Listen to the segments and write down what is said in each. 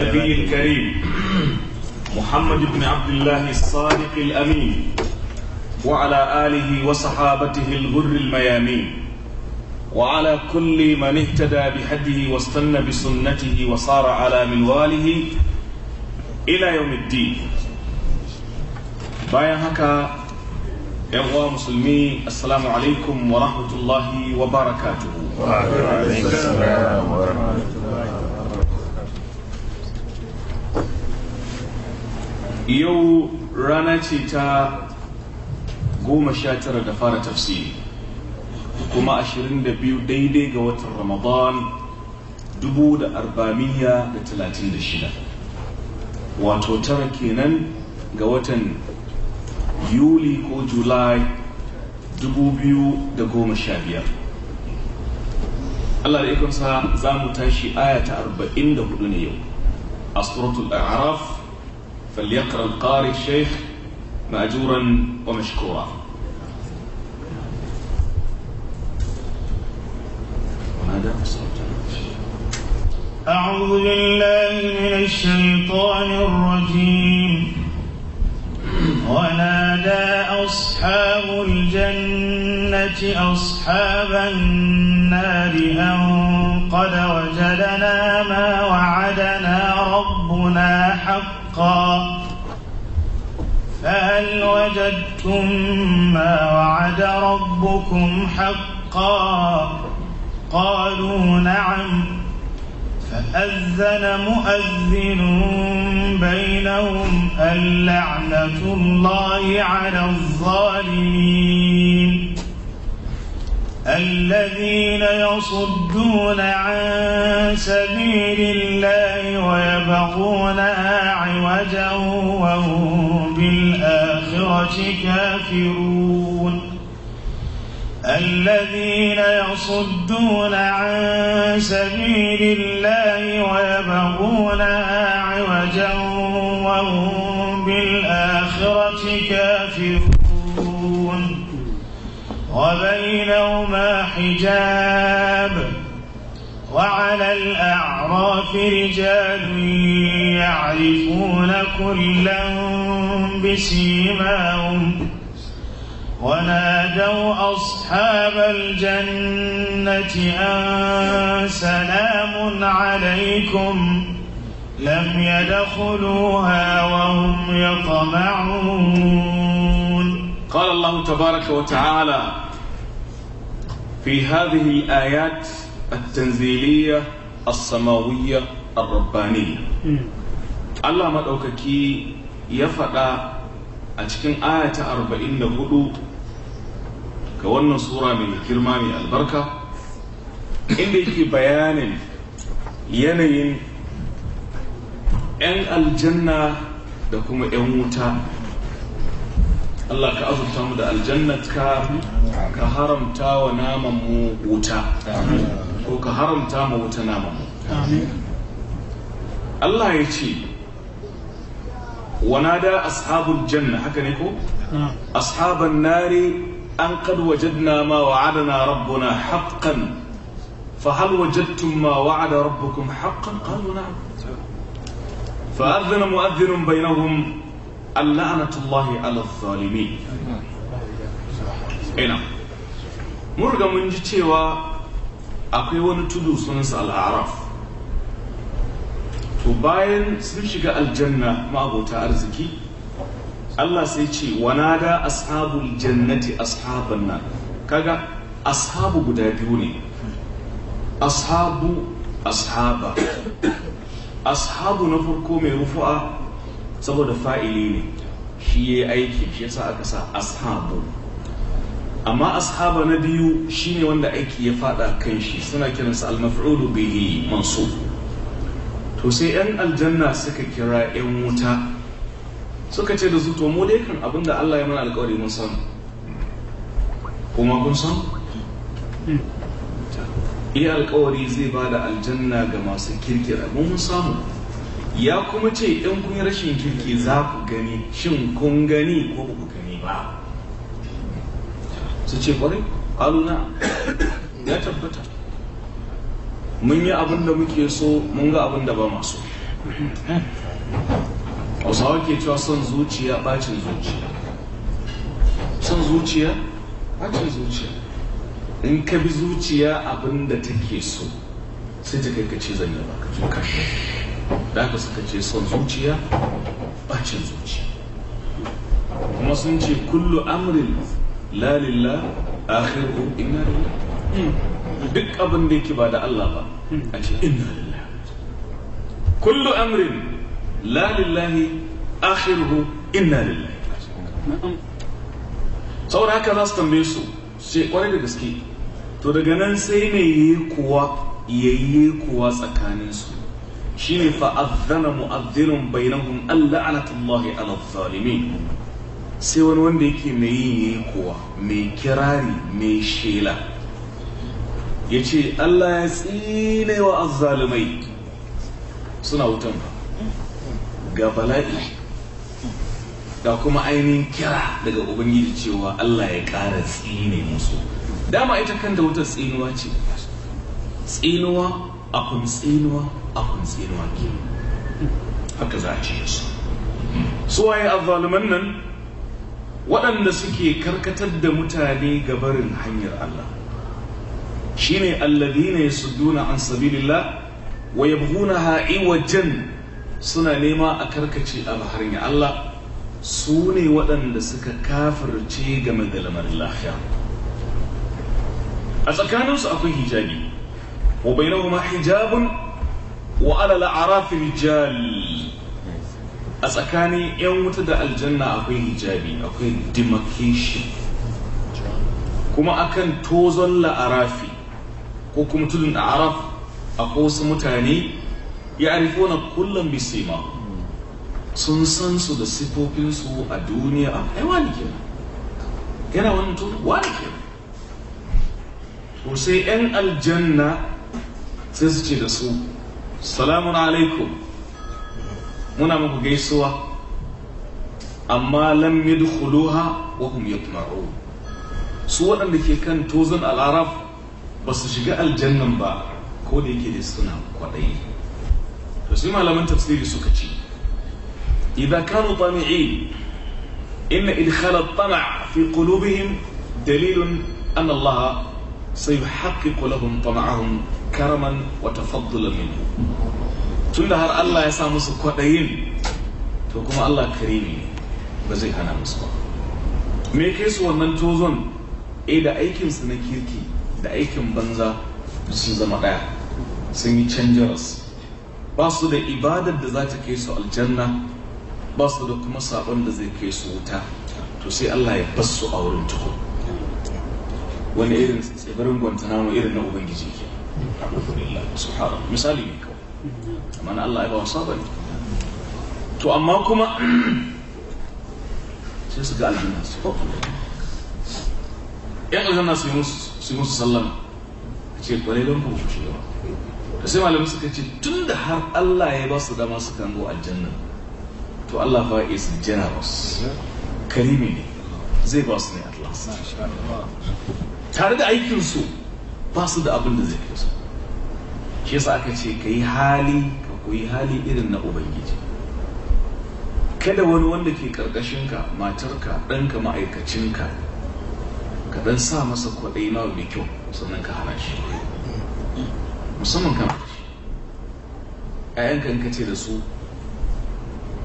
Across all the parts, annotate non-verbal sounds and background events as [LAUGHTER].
النبي الكريم محمد بن عبد الله الصادق الأمين وعلى آله وصحابته الغر الميامين وعلى كل من اهتدى بهديه واستنى بسنته وصار على منواله إلى يوم الدين bayan haka yan uwa musulmi assalamu alaikum wa rahmatullahi wa barakatuhu yau rana ce ta goma sha tara da fara tafsiri kuma ashirin da biyu daidai ga watan ramadan dubu da arba'amiya da talatin da shida wato tara kenan ga watan yuli ko julai dubu biyu da goma sha biyar allah da ikonsa za mu tashi aya ta arba'in da hudu ne yau a suratul a'raf فليقرأ القارئ الشيخ مأجورا ومشكورا أعوذ بالله من الشيطان الرجيم ونادى أصحاب الجنة أصحاب النار أن قد وجدنا ما وعدنا ربنا حقا رزقا فهل وجدتم ما وعد ربكم حقا قالوا نعم فأذن مؤذن بينهم اللعنة الله على الظالمين الذين يصدون عن سبيل الله ويبغونها عوجا وهم بالآخرة كافرون الذين يصدون عن سبيل الله ويبغونها عوجا وهم بالآخرة كافرون وبينهما حجاب وعلى الأعراف رجال يعرفون كلا بسيماهم ونادوا أصحاب الجنة أن سلام عليكم لم يدخلوها وهم يطمعون قال الله تبارك وتعالى في هذه الآيات التنزيلية السماوية الربانية الله كي يفقى أتكن آية أربعين هدو كوانا سورة من كرماني البركة إنه في بيان ينين أن الجنة da أموتا الله ka azurta الجنة da aljannat ka ka haramta wa naman mu wuta ko ka haramta ونادى أصحاب الجنة هكذا نقول أصحاب النار أن قد وجدنا ما وعدنا ربنا حقا فهل وجدتم ما وعد ربكم حقا قالوا نعم فأذن مؤذن بينهم la'anatullahi ala zalimi ina mun riga mun ji cewa akwai wani tudu sunansa al'araf to bayan sun shiga aljanna ma'abota arziki Allah sai ce da ashabul jannati ashaban nan kaga ashabu guda biyu ne ashabu ashaba ashabu na farko mai rufu'a saboda fa'ili ne shi ya aiki shi yasa aka sa ashabu amma ashabu na biyu shine wanda aiki ya fada kan shi suna kiransa al-maf'ulu bihi mansub to sai yan aljanna suka kira yan wuta suka ce da su to mu dai abinda Allah ya mana alƙawari mun san kuma kun san hmm. iya alƙawari zai ba da aljanna ga masu kirkira mun samu ya kuma ce in kun rashin kirki za ku gani shin kun gani ko ku gani ba su ce kwarai ƙaluna ya tabbata mun yi abin da muke so mun ga abin da ba masu hausawa ke cewa son zuciya bacin zuciya son zuciya bacin zuciya in ka bi zuciya abin da take so sai ta kai ka ce zan yi ba ka da suka ce son zuciya bacin zuciya kuma sun ce kullu amrin lalilla akhiru inna lillahi duk abin da yake ba da Allah ba a ce inna lillahi kullu amrin lalillahi akhiru inna lillahi saboda haka za su tambaye su sai kwarai da gaske to daga nan sai ne yi kuwa yayye kuwa tsakaninsu shine fa azana mu'adhdhinun bainahum Allah 'ala adh sai wani wanda yake mai yin yayi kowa mai kirari mai shela ya ce Allah ya tsine wa azzalimai suna wutan ga bala'i Da kuma ainihin kira daga ubangiji cewa Allah ya ƙara tsine musu dama ita kanta wutar tsinuwa ce tsinuwa akun tsinuwa akun tsinuwa ke haka za a ce su suwaye azzaluman nan waɗanda suke karkatar da mutane ga barin hanyar Allah shine alladina yasudduna an sabilillah wa yabghunaha iwajan suna nema a karkace a Allah su ne waɗanda suka kafirce game da lamarin lafiya a tsakaninsu akwai hijabi وبينهما حجاب وعلى الأعراف رجال أسكاني يوم تدع الجنة أكوي حجابي أكوي demarcation كما أكن توزن لأرافي ko kuma tudun araf a wasu mutane ya arifona kullum bisima sun san su da sifofinsu a duniya a kai ke yana wani tun wani ke sai yan aljanna sai su ce da su salamun alaikum muna muku gaisuwa amma lam yadkhuluha wa hum yatma'un su waɗanda ke kan tozon al'araf ba su shiga aljannan ba ko da yake da suna kwaɗayi to sai malaman tafsiri suka ce idza kanu tami'in inna idkhala at-tama' fi qulubihim dalilun anna Allah sayuhaqqiqu lahum tama'ahum karaman wata faddula minhu da har Allah ya sa musu kwaɗayin to kuma Allah ne ba zai hana musu ba me ke su wannan tozon eh da aikinsu na kirki da aikin banza sun zama ɗaya sun yi canjaras ba su da ibadar da za ta kai su aljanna ba su da kuma saɓon da zai kai su wuta to sai Allah ya bas su a wurin tuku wani irin tsibirin guantanamo irin na ubangiji ke alhamdulillah subhanallah misali ne kawai amma na Allah ya ba wasa bane to amma kuma [CLEARS THROAT] sai su ga aljanna su yan aljanna su yi musu sallama a ce kwarai don kuma shi yawa da sai malamin suka ce tun da har Allah ya ba su dama su kan go aljanna to Allah fa is generous karimi ne zai ba su ne atlas tare da aikin su. ba su da abin da zai kai su shi yasa aka ce ka yi hali ka koyi hali irin na ubangiji kada wani wanda ke karkashinka matarka ɗanka ma'aikacinka ka dan sa masa kwaɗai na mai kyau sannan ka hana shi musamman kan shi ƴaƴanka ka ce da su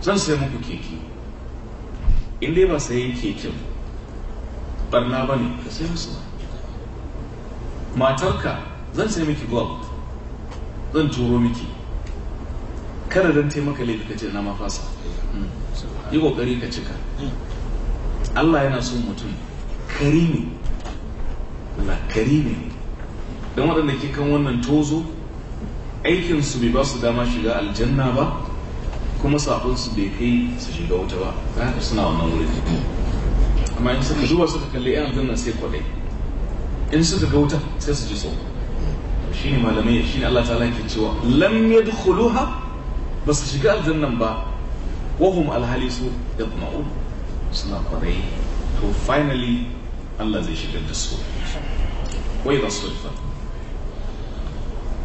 zan sai muku keke in dai ba sayan keken barna ba ne ka sai musu ba matarka zan sai miki gold zan turo miki kada dan taimaka laifi ka ce na ma fasa mm. yi kokari ka cika mm. Allah yana son mutum karimi la karimi don waɗanda ke kan wannan tozo aikinsu bai ba su dama shiga aljanna ba kuma sabonsu bai kai su shiga wuta ba za suna wannan wurin amma in suka zuwa suka kalli yan aljanna sai kwadai in suka ga wuta sai su ji tsoro shi ne malamai shi ne Allah ta'ala ke cewa lam yadkhuluha ba su shiga aljannan ba wahum alhali su yatma'un suna kwarai to finally Allah zai shigar da su wai da sulfa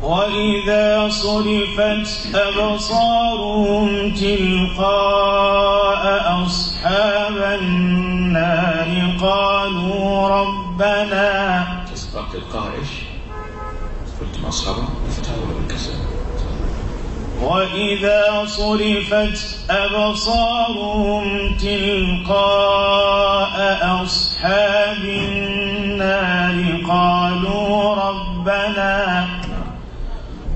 وإذا صرفت أبصارهم تلقاء أصحاب النار قالوا رب ربنا تسبق القائش قلت مصحبة فتاوى بالكسر وإذا صرفت أبصارهم تلقاء أصحاب النار قالوا ربنا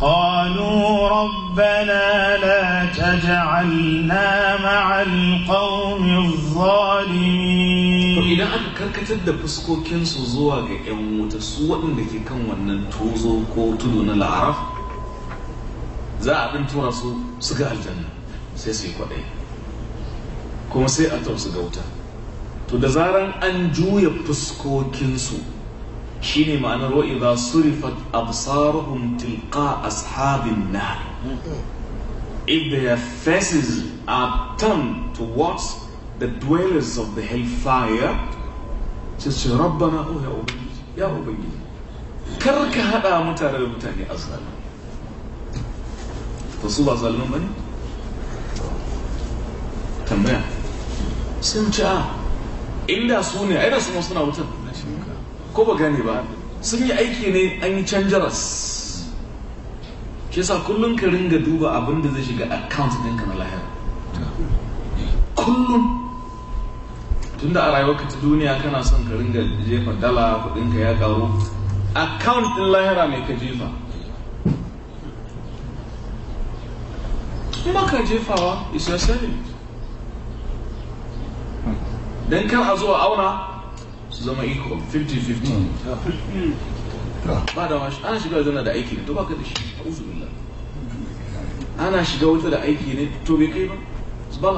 قالوا ربنا لا تجعلنا مع القوم الظالمين idan aka karkatar da fuskokinsu zuwa ga 'yan wuta su waɗanda ke kan wannan tozo ko tudu na laraf za a ɗin tura su su ga aljanna sai su yi kwaɗai kuma sai a tausu su ga wuta to da zaran an juya fuskokinsu شيني ما نرو إذا صرفت أبصارهم تلقى أصحاب النار If their faces are turned towards the dwellers of the hellfire تسي ربنا هو يا أبيج يا أبيج كرك هذا متعرى المتعني أصغر رسول الله صلى الله عليه وسلم تمام سنجا إلا سوني إلا سوني أصنع وتبقى ko ba gane ba sun yi aiki ne an yi canjaras shi yasa kullum ka ringa duba abin da zai shiga account ɗinka na lahira kullum tunda a ka ta duniya kana son ka ringa jefa dala kuɗinka ya ƙaru account ɗin lahira mai ka jefa kuma ka jefawa is your saving dan kan a zuwa auna zama equal 50-50 hmm. hmm. ah. ba da washi ana shiga zana da aiki ne to baka da shi a uzubillah ana shiga wuta da aiki ne to bai kai ba su ba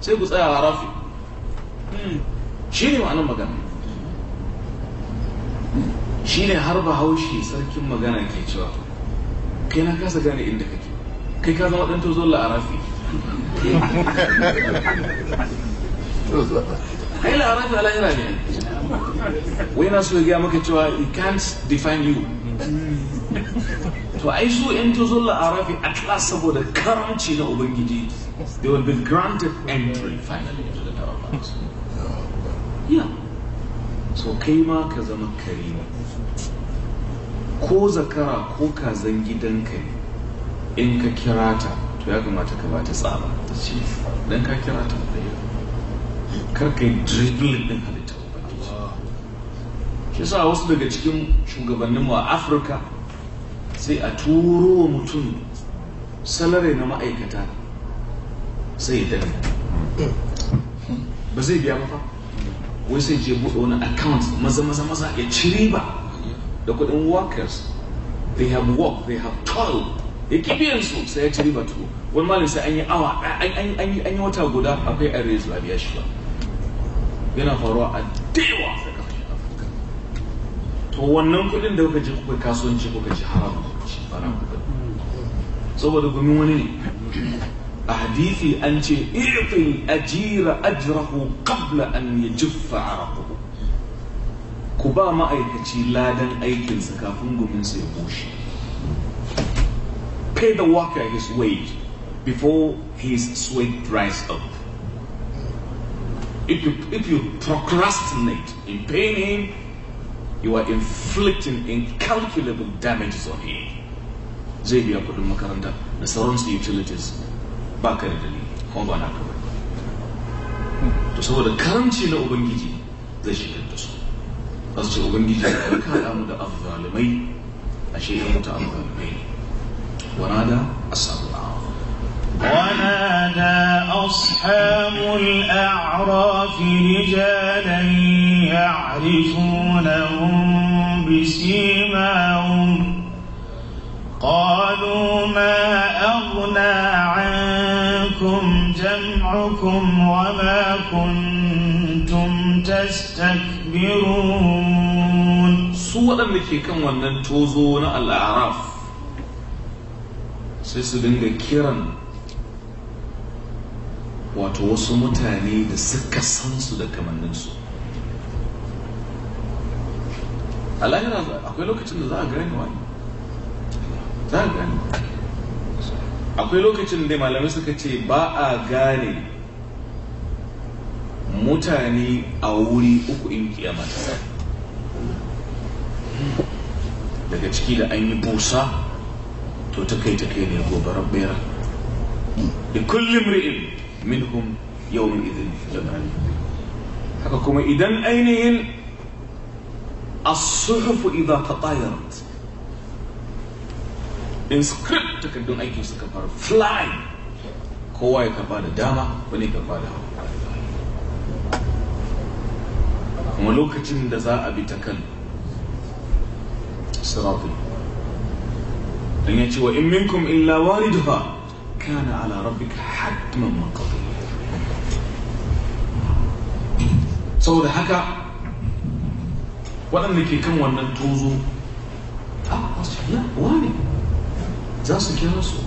sai ku tsaya a rafi hmm. shi ne ma'anar magana shi ne har ba haushi sarkin magana ke cewa kai na kasa gane inda kake kai ka zama ɗan tozo la'arafi kai la'arafi a [LAUGHS] lahira ne wai na so ya maka cewa he can't define you to ai su yan tuzul arafi atlas saboda karanci na ubangiji they will be granted entry finally into the paradise yeah so kai ma ka zama karimi ko zakara ko kazan gidan kai in ka kira ta to ya kamata ka ba ta tsaba dan ka kira ta kar ka dribble dribbling din shi sa wasu daga cikin shugabanninmu a afirka sai a turo wa mutum salari na ma'aikata sai ya dare ba zai biya ba wai sai je buɗe wani account maza maza maza ya ciri ba da kuɗin workers they have work they have toil ya ki biyan su sai ya ciri ba tuwo wani malin sai an yi awa an yi wata guda akwai a raise ba biya shi ba yana faruwa a daewa to wannan kudin da kuka je kuka kasuwanci kuka ji haram kuka ci kuka saboda gumi wani ne a hadithi an ce irfin ajira ajrahu qabla an yajiffa a ku ba ma'aikaci ladan aikinsa kafin guminsa ya bushe pay the worker his wage before his sweat dries up if you, if you procrastinate in paying him you are inflicting incalculable damages on him zai biya kudin makaranta da sauransu utilities ba ka da dalili The ba na kawai to saboda karamci na ubangiji zai shigar da su za su ce ubangiji ya kada mu a shekaru mutu wanada أصحاب الأعراف رجالا يعرفونهم بسيماهم قالوا ما أغنى عنكم جمعكم وما كنتم تستكبرون سوى أنك كم وننتوزون الأعراف سيسدنك كيرا wato wasu mutane da suka san su da kamanninsu su. lahira akwai lokacin da za a wa wani za a gani akwai lokacin da malamai suka ce ba a gane mutane a wuri uku in kiyama daga ciki da an yi busa to ta kai ta kai ne gobarar bera da kullum ri'in منهم يومئذ جمعان حقكم إذن أين الصحف إذا تطايرت إن سكريبت تكدون أيكي سكبار فلاي كواي كبار داما وني كبار داما ملوكة دزاء بتكل صراطي أن يتوى إن منكم إلا واردها كان على ربك حتما مقضيا saboda haka waɗanda ke kan wannan tozo a australia wani za su kira su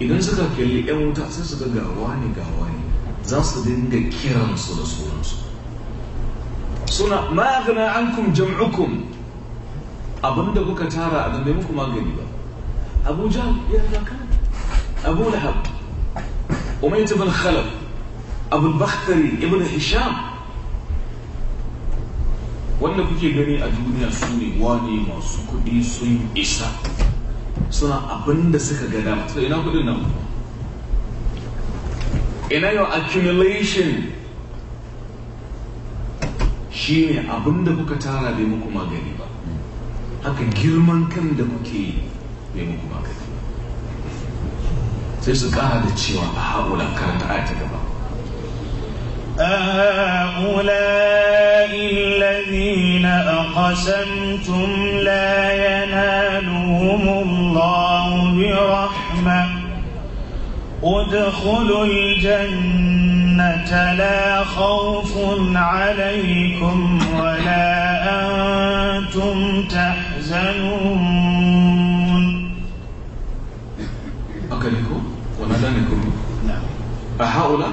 idan suka kalli 'yan wuta sai su ga gawa ne gawa za su dinga kiransu da sunansu suna ma'agana an kum jam'ukum abinda kuka tara a dambe magani ba abuja ya zaka أبو لهب أمية بن خلف أبو البختري ابن هشام wanda kuke gani a duniya su ne wane masu kuɗi sun isa suna abin da suka ga ina kuɗin nan ina yau accumulation shi abin da kuka tara bai muku magani ba haka girman kan da kuke yi bai muku magani sai su ƙara da cewa a haula karanta aya ta gaba أهؤلاء الذين أقسمتم لا ينالهم الله برحمة ادخلوا الجنة لا خوف عليكم ولا أنتم تحزنون أكلكم رمضان كله أهؤلاء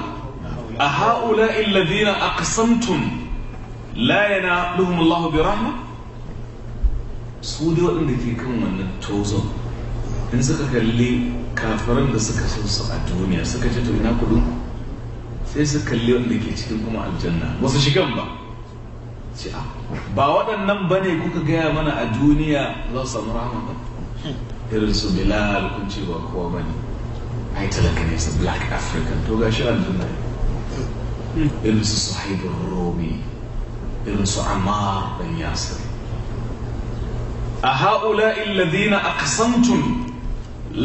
أهؤلاء الذين أقسمتم لا ينالهم الله برحمة سودي وأن ذكي كم من التوزن إن سكا كاللي كافران دا سكا سوسا الدنيا سكا جاتو هنا كلهم sai su kalli wanda ke cikin kuma aljanna ba su shigan ba ba waɗannan ba ne kuka gaya mana a duniya za su samu rahama ba irin su bilal kun ce ba kowa ba ne ai talaka ne su black african to gashi aljanna hmm. irin su sahibin romi irin su yasir a ha'ula illadina aqsamtum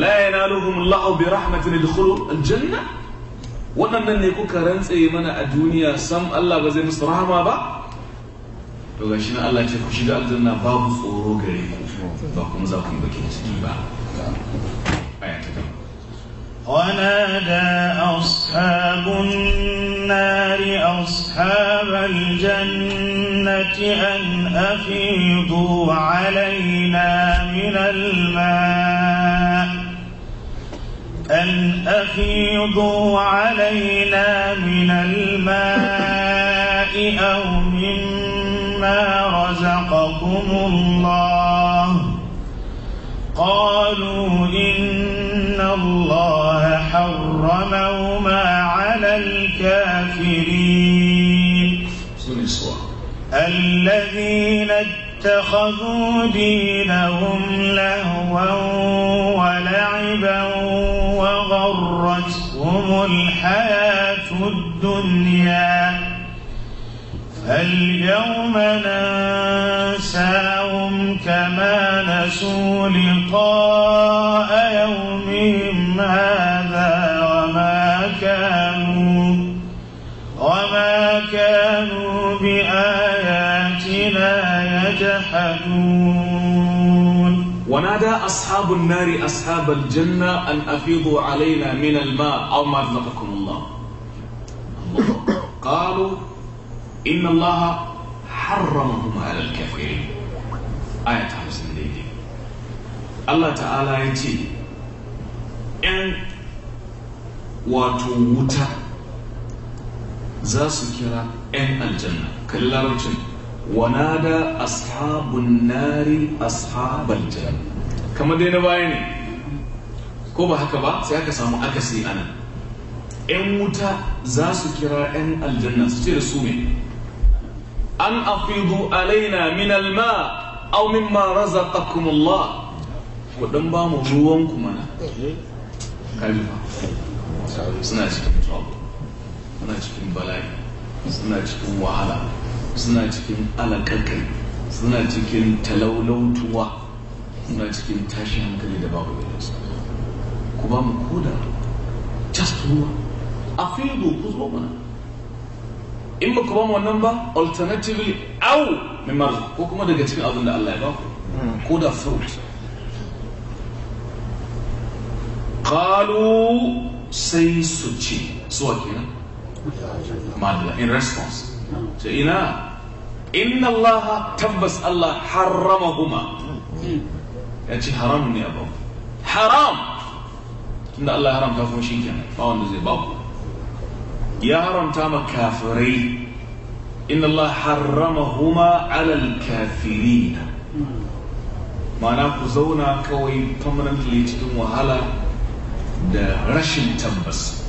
la yanaluhum Allah bi rahmatin idkhulu aljanna waɗannan ne kuka rantse mana a duniya sam Allah ba zai musu rahama ba to gashi na Allah ce ku shiga aljanna babu tsoro gare ku ba kuma za ku yi bakin ciki ba ونادى أصحاب النار أصحاب الجنة أن أفيضوا علينا من الماء أن أفيضوا علينا من الماء أو مما رزقكم الله قالوا إن الله وما على الكافرين الذين اتخذوا دينهم لهوا ولعبا وغرتهم الحياة الدنيا فاليوم ننساهم كما نسوا لقاء يومهم هذا ونادى أصحاب النار أصحاب الجنة أن أفيضوا علينا من الماء أو ما رزقكم الله قالوا إن الله حرمهم على الكافرين آية 50 daidai Allah ta'ala ya ce ‘yan wato wuta za su kira ‘yan aljanna kalli larabcin wanada ashabun nari ashabal janna kamar dai na baya ne ko ba haka ba sai aka samu akasi a nan ‘yan wuta za su kira ‘yan aljanna su ce da su mai an afidu alaina min alma au mimma razaqakumullah ku dan ba mu ruwan ku mana kalifa suna cikin trouble suna cikin bala'i suna cikin wahala suna cikin alakakai suna cikin talaulautuwa muna cikin tashin hankali da babu su. ku ba mu koda just ruwa a fido ku zo mana in ba ku ba mu wannan ba alternatively au min marzu ko kuma daga cikin abin da Allah ya ba ku hmm. koda fruit qalu sai su ce suwa kenan madalla in response to ina inna allaha tabbas allah harrama huma hmm. ya ce haramun ne a haram tunda Allah ya haramta kuma shi kenan ba wanda zai ya haramta ma kafirai la Allah harramahuma alal kafirin ma'ana ku zauna kawai permanently cikin wahala da rashin tabbas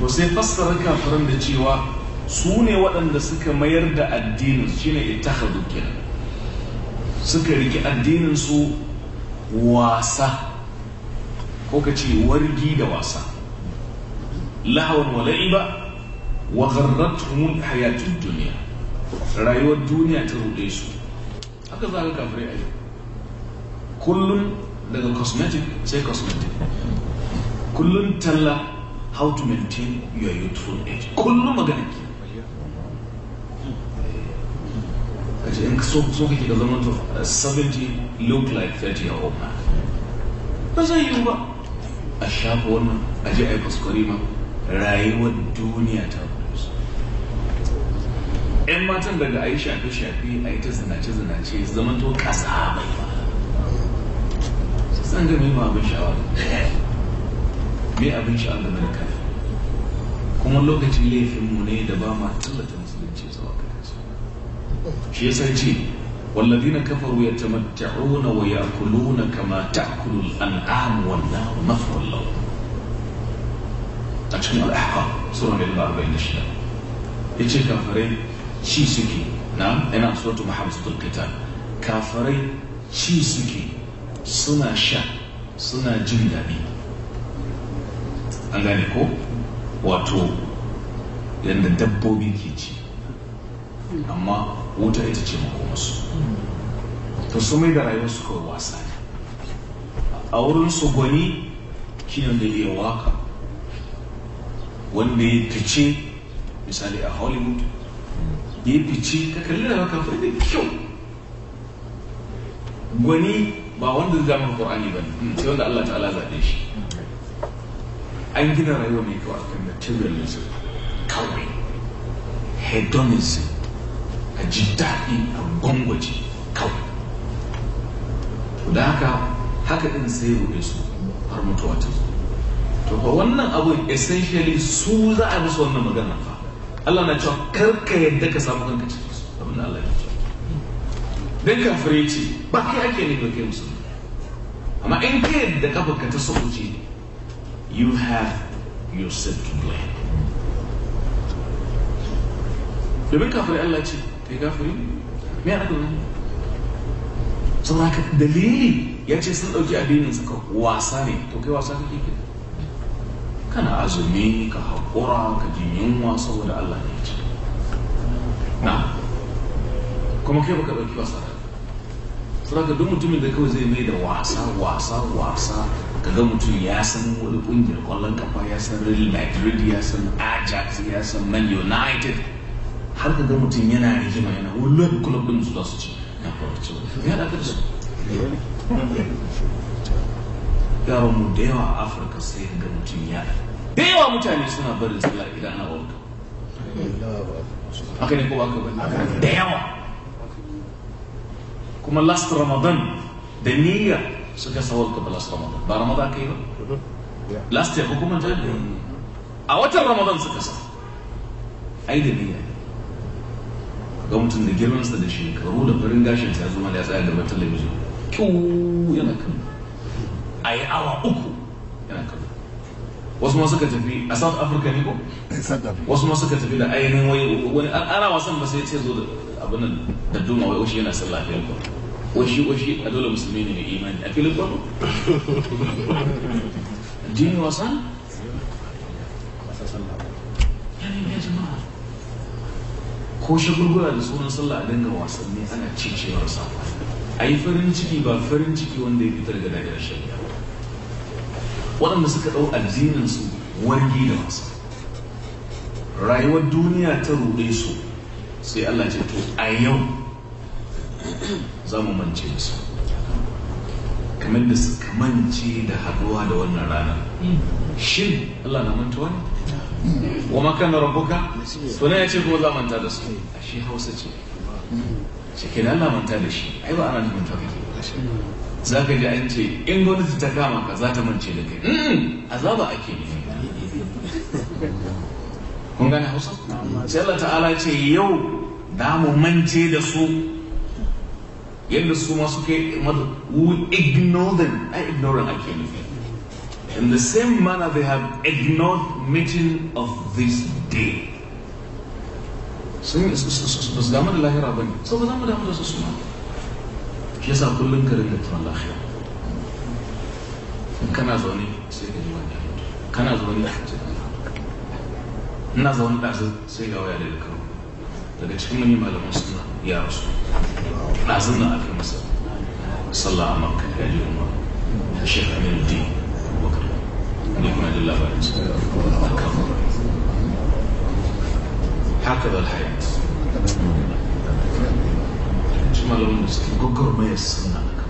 to sai fassara kafiran da cewa su ne waɗanda suka mayar da addinin shine ittakhadhu kenan suka riki addinin su wasa ko ka ce wargi da wasa wala'i ba wa gharratuhum hayatun duniya rayuwar duniya ta ruɗe su haka za ka kafirai a yi kullum daga cosmetic sai cosmetic kullum talla how to maintain your youthful age kullum maganin. 30. in so so kake ka zama to 70 look like 30 year old man ba zai yi ba a shafa wannan a je e a yi kuskure ma rayuwar duniya ta kudu yan matan daga a yi e e shafe-shafe a yi ta zinace-zinace zaman to kasa bai ba san ga mai abin sha'awa mai abin sha'awa game da kafin kuma lokacin laifin mu ne da ba ma tallata shi ya sa ce wallazina kafaru ya ta wa yakuluna kama ta'kulu al'am wa nahu mafwal law a cikin al-ahqaf sura 146 yace kafare shi suke na ina suratu muhammadul qital kafare shi suke suna sha suna jin dadi an gane ko wato yadda dabbobi ke ci amma wuta ita ce makomarsu to su mai da su kawai wasa ne a wurin su gwani shi da iya waka wanda ya fice misali a hollywood ya fice ka kalli da maka da kyau gwani ba wanda zai zama qur'ani ba ne sai wanda Allah ta'ala zaɓe shi an gina rayuwa mai kawai. kyau akan materialism kawai hedonism a ji daɗi a gwangwaje kawai to da haka haka ɗin sai rube su har mutuwa ta zo to ba wannan abun essentially su za a musu wannan magana fa Allah na cewa kar ka yadda ka samu kanka cikin su abin da Allah ya ce dan kafire ce ba kai ake ne ba kai musu amma in kai yadda baka ta sauce you have yourself to blame domin kafin Allah ce ta yi kafiri me a domin saboda haka dalili ya ce sun ɗauki addinin suka wasa ne to kai wasa kake ke kana azumi ka haƙura ka ji yunwa saboda Allah ne ce na kuma kai baka ɗauki wasa saboda duk mutumin da kawai zai mai da wasa wasa wasa ka ga mutum ya san wani ƙungiyar ƙwallon kafa ya san Real Madrid ya san Ajax ya san Man United har ka ga mutum yana rigima yana wani club din su za su ci ya faru ci ya da ya ba mu da yawa a afirka sai ga mutum ya da yawa mutane suna barin sallah idan ana wanka aka ne ko ba ka da yawa kuma last ramadan da niyya suka sawar ka last ramadan ba ramadan yi ba last year ko kuma jami'a a watan ramadan suka sa ai da niyya ga mutum da girmansa da shekaru da farin gashin sa zama da ya tsaya gaban talabijin kyau yana kan a yi awa uku yana kan wasu ma suka tafi a south africa ne ko wasu ma suka tafi da ainihin wani wani ana wasan ba sai ce zo da abin nan da duma wai oshi yana sallah a filin oshi oshi a dole musulmi ne mai imani a filin kwano [LAUGHS] jini wasan ya ne jama'a ko gurgura da sunan sallah a dinga wasanni ana cicewar sa a yi farin ciki ba farin ciki wanda ya fitar da dajiyar shari'a waɗanda suka ɗau addinin su wargi da masu rayuwar duniya ta ruɗe su sai Allah ce to a yau za mu mance da su kamar da suka mance da haɗuwa da wannan ranar. shin Allah na mantuwa ne wa kan rabbuka to ya ce kuma za manta da su A shi hausa ce shi ke Allah manta da shi ai ba ana nufin ta kake za ka ji an ce in gwamnati ta kama ka za ta mance da kai azaba ake ne kun gane hausa sai Allah ta'ala ce yau da mu mance da su yadda su ma suke ignore them ai ignore ake nufi In the same manner, they have ignored meeting of this day. sun ba su نعمة لله وعز هكذا الحياة شما لو نسكي ققر ما يسمنا لك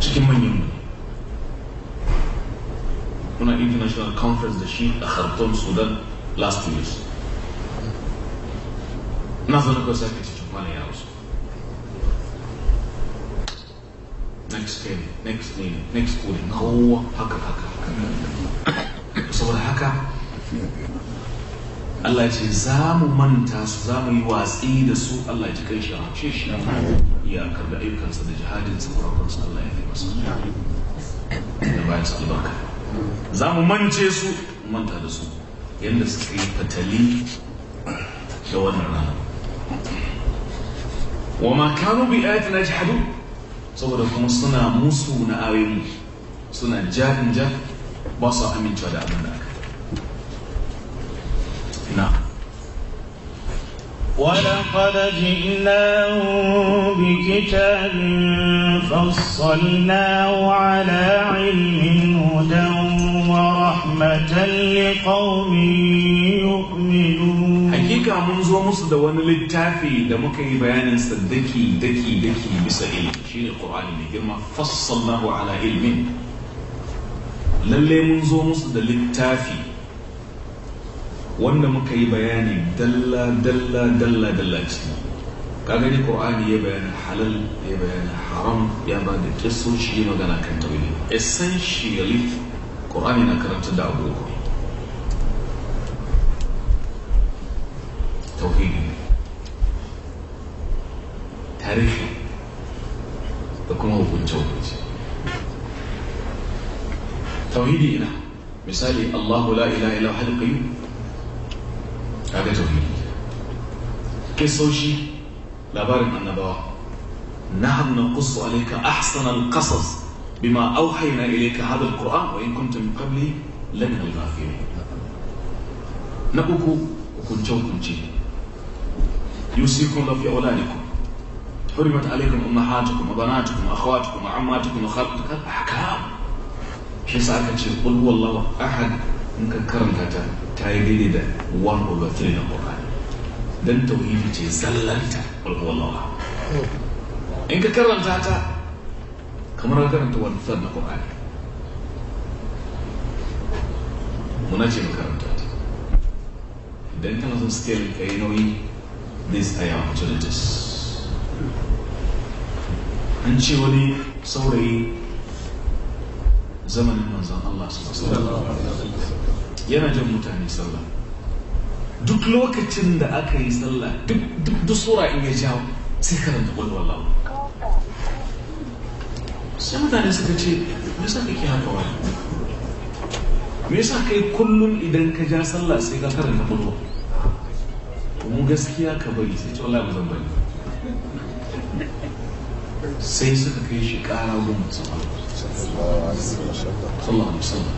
شكي من يمني هنا international conference the sheikh أخرطون السودان last years نظرك وساكت شوف مالي يا رسول next day next day next day kowa haka haka saboda haka Allah ce za mu manta su za mu yi watsi da su Allah ji kai shi a ce shi ya da ayyukansa da jihadinsa kurakunsa Allah ya fi masa da bayan su albarka za mu mance su manta da su yadda suka yi fatali da wannan rana wa ma kanu bi ayatina jihadu Saboda kuma suna musu na awai mu, suna ja in ba su aminta da abinda. Wani kwarji na mu biƙita din Fasalawa na cikin wudanwa, mahaifiyar tafiya ta yi wa mahimman wata. Hakika mun zo musu da wani littafi da muka yi bayanin sa daki daki bisa biyu. shine qur'ani mai girma fassalnahu ala ilmin lalle mun zo musu da littafi wanda muka yi bayani dalla dalla dalla dalla ciki ka gani qur'ani ya bayyana halal ya bayyana haram ya ba da kisoshi magana kan tauhidi essentially qur'ani na karanta da abubuwa tarihi توحيد إله مثال الله لا إله إلا واحد القيوم هذا توحيد كسوشي لا بارد أن نبوا نحن نقص عليك أحسن القصص بما أوحينا إليك هذا القرآن وإن كنت من قبلي لمن الغافلين نبوكو وكن جوكم جيل يوسيكم في أولادكم حرمت عليكم أمهاتكم وبناتكم وأخواتكم وعماتكم وخالتكم أحكام shi sa aka ce kul huwallahu ahad in ka karanta ta ta yi daidai da one over three na qur'ani dan tauhidi ce zallanta kul huwallahu ahad in ka karanta ta kamar ka karanta one third na qur'ani muna ce mu karanta ta idan kana son scale kai nauyi these are your opportunities an ce wani saurayi zamanin manzan Allah yana jan mutane sallah duk lokacin da aka yi sallah duk sura in ya jawo sai karanta wani wallahu sai mutane suka ce me yasa kake haka wani me yasa kai kullum idan ka ja sallah sai ka karanta kulwa mu gaskiya ka bari sai ce wallahi ba zan bari sai suka kai shi ƙara goma sallah صلى الله عليه وسلم sallallahu alaihi wasallam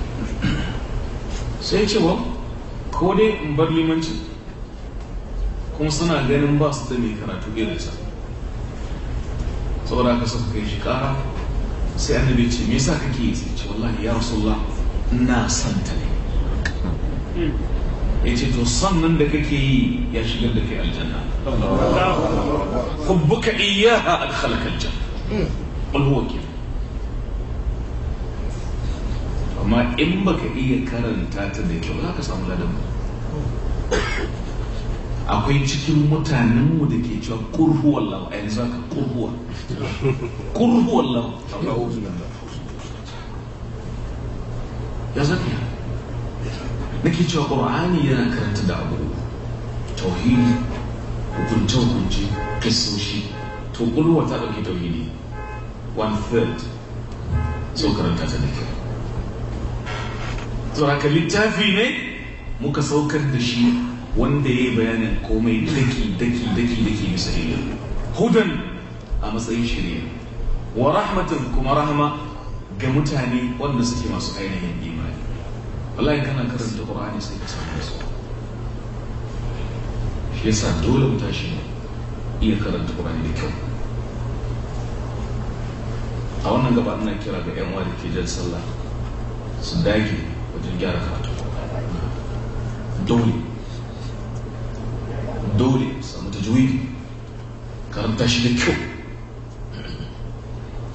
sai ce wa ko dai in bar limanci kuma suna ganin ba su da mai karatu irinsa saboda haka suka kai shi kara sai annabi ce me yasa kake yi sai ce wallahi ya rasulullah ina son ta ne ya ce to son nan da kake yi ya shigar da kai aljanna hubbuka iyyaha adkhalaka aljanna qul huwa kifin amma in baka iya karanta ta da kyau za ka samu ladan akwai cikin mutanenmu da ke cewa kurhu wallahu a yanzu haka kurhuwa kurhu wallahu ya zafi na ke cewa qur'ani yana karanta da abu tauhidi hukunce hukunce kasoshi to kurhuwa ta ɗauki tauhidi one third so karanta ta da kyau tsoraka littafi ne muka saukar da shi wanda ya yi bayanin komai daki daki daki daki bisa ilimi hudan a matsayin shirya wa rahmatin kuma rahama ga mutane wanda suke masu ainihin imani wallahi kana karanta qur'ani sai ka samu su shi yasa dole mu tashi iya karanta qur'ani da kyau a wannan gaba ina kira ga yan uwa da ke jan sallah su dage الرجاله خارج دولي دولي متجويد كان تاشي لكو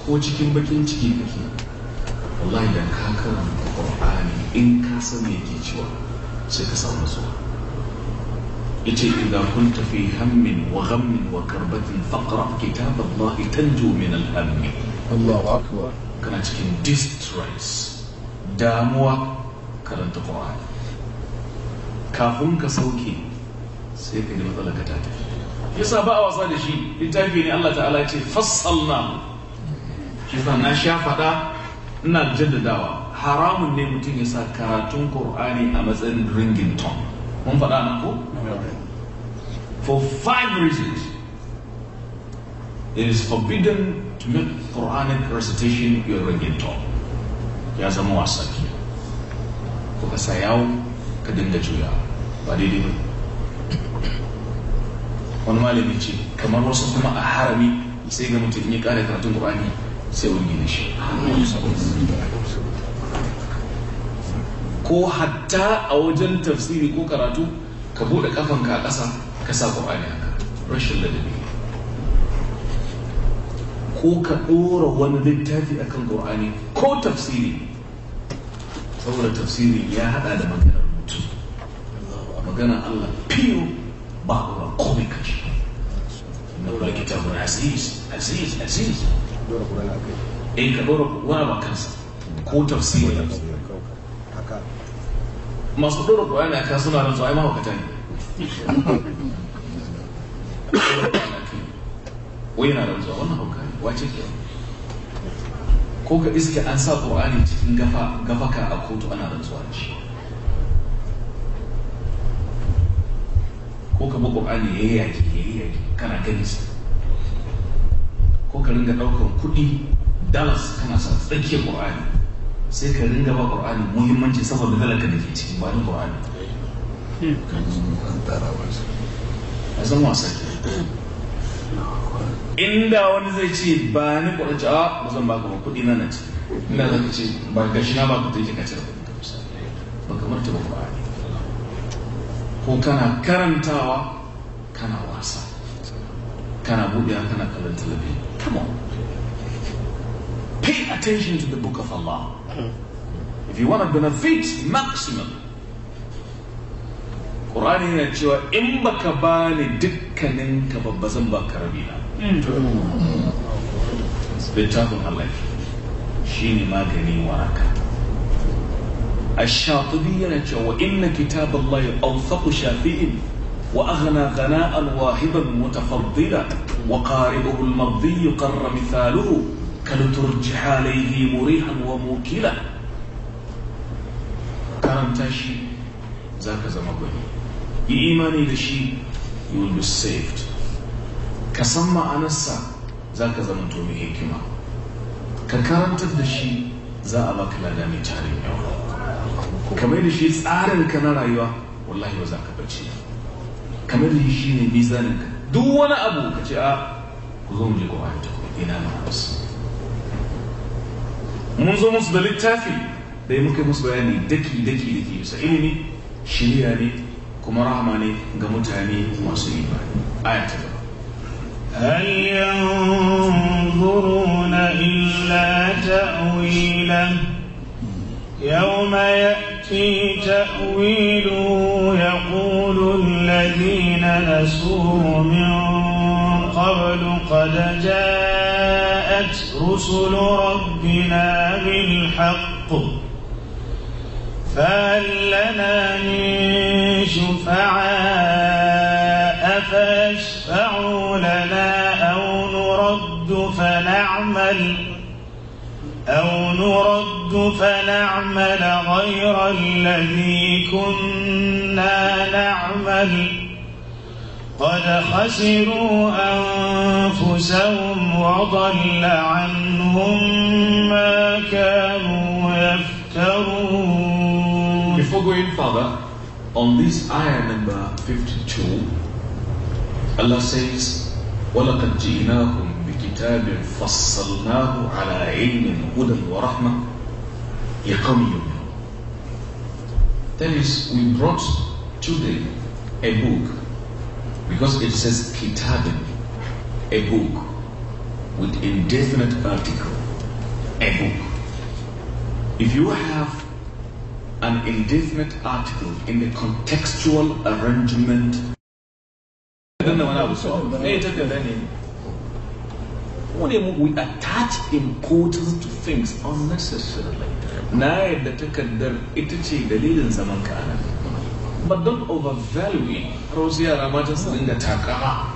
كو تشيكين بكين تشيكين بكين والله يا كاكر القران ان كاسم يجي تشوى سيكسا ونسوى إذا كنت في هم وغم وكربة فقرا كتاب الله تنجو من الهم الله أكبر كانت كن ديسترايس داموا karanta qur'ani kafin ka sauke sai ka yi matsala ka ta tafi yasa ba a wasa da shi littafi ne Allah ta'ala ya ce fassalna shi sa na sha faɗa ina jaddadawa haramun ne mutum ya sa karatun qur'ani a matsayin ringington mun faɗa nan ko for five reasons it is forbidden to make quranic recitation your ringington ya zama wasa kuma sa yawo ka dinga juya ba daidai ba wani malami ce kamar wasu kuma a harami sai ga mutum ya kare karatun kurani sai wani gina shi ko hatta a wajen tafsiri ko karatu ka buɗe kafanka a ƙasa ka sa a haka rashin ladabi ko ka ɗora wani littafi akan ƙur'ani ko tafsiri saboda tafsirin ya hada da maganar mutum maganar Allah fiye ba kuma komai kashi na kula na aziz aziz aziz in eh, ka dora kuwa ba kansa ko tafsiri masu dora kuwa na ka suna rantsu ai mahaukata ne wai na rantsuwa wannan hauka ne wace ke ko ka iske an sa ƙorani cikin gafaka a kotu ana rantsuwa da shi ko ka bi qur'ani yayi yaki yi yaki kana gani sa ko ka ringa ɗaukar kuɗi dallas kana sa tsakiyar ƙorani sai ka ringa ba ƙorani muhimmanci saboda dalaka da ke cikin ƙorani ni yi kan tara wasu a zama wasa ke inda wani zai ce ba ni kuɗi ce a ba zan baka ba kuɗi na na ce ina zan ce ba ka shi na ba ka take ka cire ba ka mutu ba kamar ta ba ne. ko kana karantawa kana wasa kana buɗewa kana kallon talabi come on pay attention to the book of Allah if you want to benefit maximum Qur'ani yana cewa in baka bani dukkanin ka ba zan baka na. littafin Allah magani waraka الشاطبي وإن كتاب الله أوثق شافئ وأغنى غناء واهبا متفضلا وقاربه المرضي قر مثاله كلترجح عليه مريحا وموكلا كان تشي ذاك زمان بني gwani yi imani da saved ka san ma'anarsa za ka zama to mai hikima ka karantar da shi za a baka lada mai tarin yawa kamar da shi tsarin ka na rayuwa wallahi ba za ka bace kamar da shi ne mizanin ka duk wani abu ka ce a ah, ku zo mu je ku ayyuka ina na wasu mun zo musu da littafi da yi muka musu bayani daki daki daki bisa ilimi shirya ne kuma rahama ne ga mutane masu imani aya ta gaba هل ينظرون إلا تأويله يوم يأتي تأويله يقول الذين نسوه من قبل قد جاءت رسل ربنا بالحق فهل لنا من شفعاء نرد فنعمل غير الذي كنا نعمل قد خسروا أنفسهم وضل عنهم ما كانوا يفترون Before going further, on this ayah number 52, Allah says, وَلَقَدْ جِئْنَاهُمْ كتاب فصلناه على علم هدى ورحمة لقوم يؤمنون That is, we brought today a book because it says كتاب a book with indefinite article, a book. If you have an indefinite article in the contextual arrangement, I don't know I was talking. mu we attach importance to things unnecessarily na yadda takardar ita ce dalilin zaman kana but don't overvalue rose har wasu yara mata su dinga takama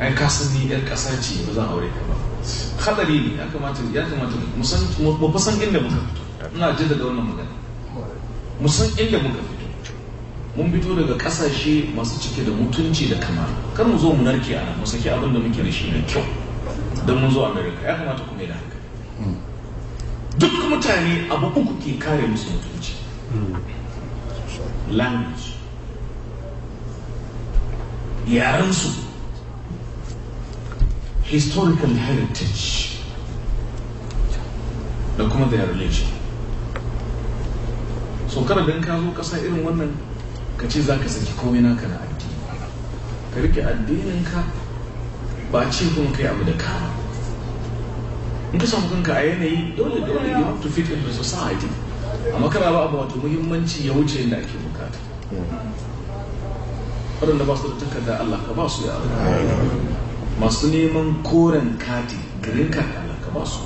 ai ka san ni yar kasa ce ba zan aure ka ba khadari ne ya kamata ya kamata mu san mu san inda muka fito ina daga wannan magana mu san inda muka fito mun fito daga kasashe masu cike da mutunci da kamar kar mu zo mu narke a nan mu saki abin da muke da shi mai kyau don mun zo america ya kamata ku mai da hankali duk mutane abu uku ke kare musu mutunci language yarensu historical heritage da kuma their religion so kada don ka zo kasa irin wannan ka ce za ka saki komai naka na addini ka rike addininka ba ce kun kai abu da kama in ka samu kanka a yanayi dole dole you have to fit the society amma kana ba abu wato muhimmanci ya wuce inda ake bukata waɗanda ba su da takarda, Allah ka ba su ya masu neman koren kati green da Allah ka ba su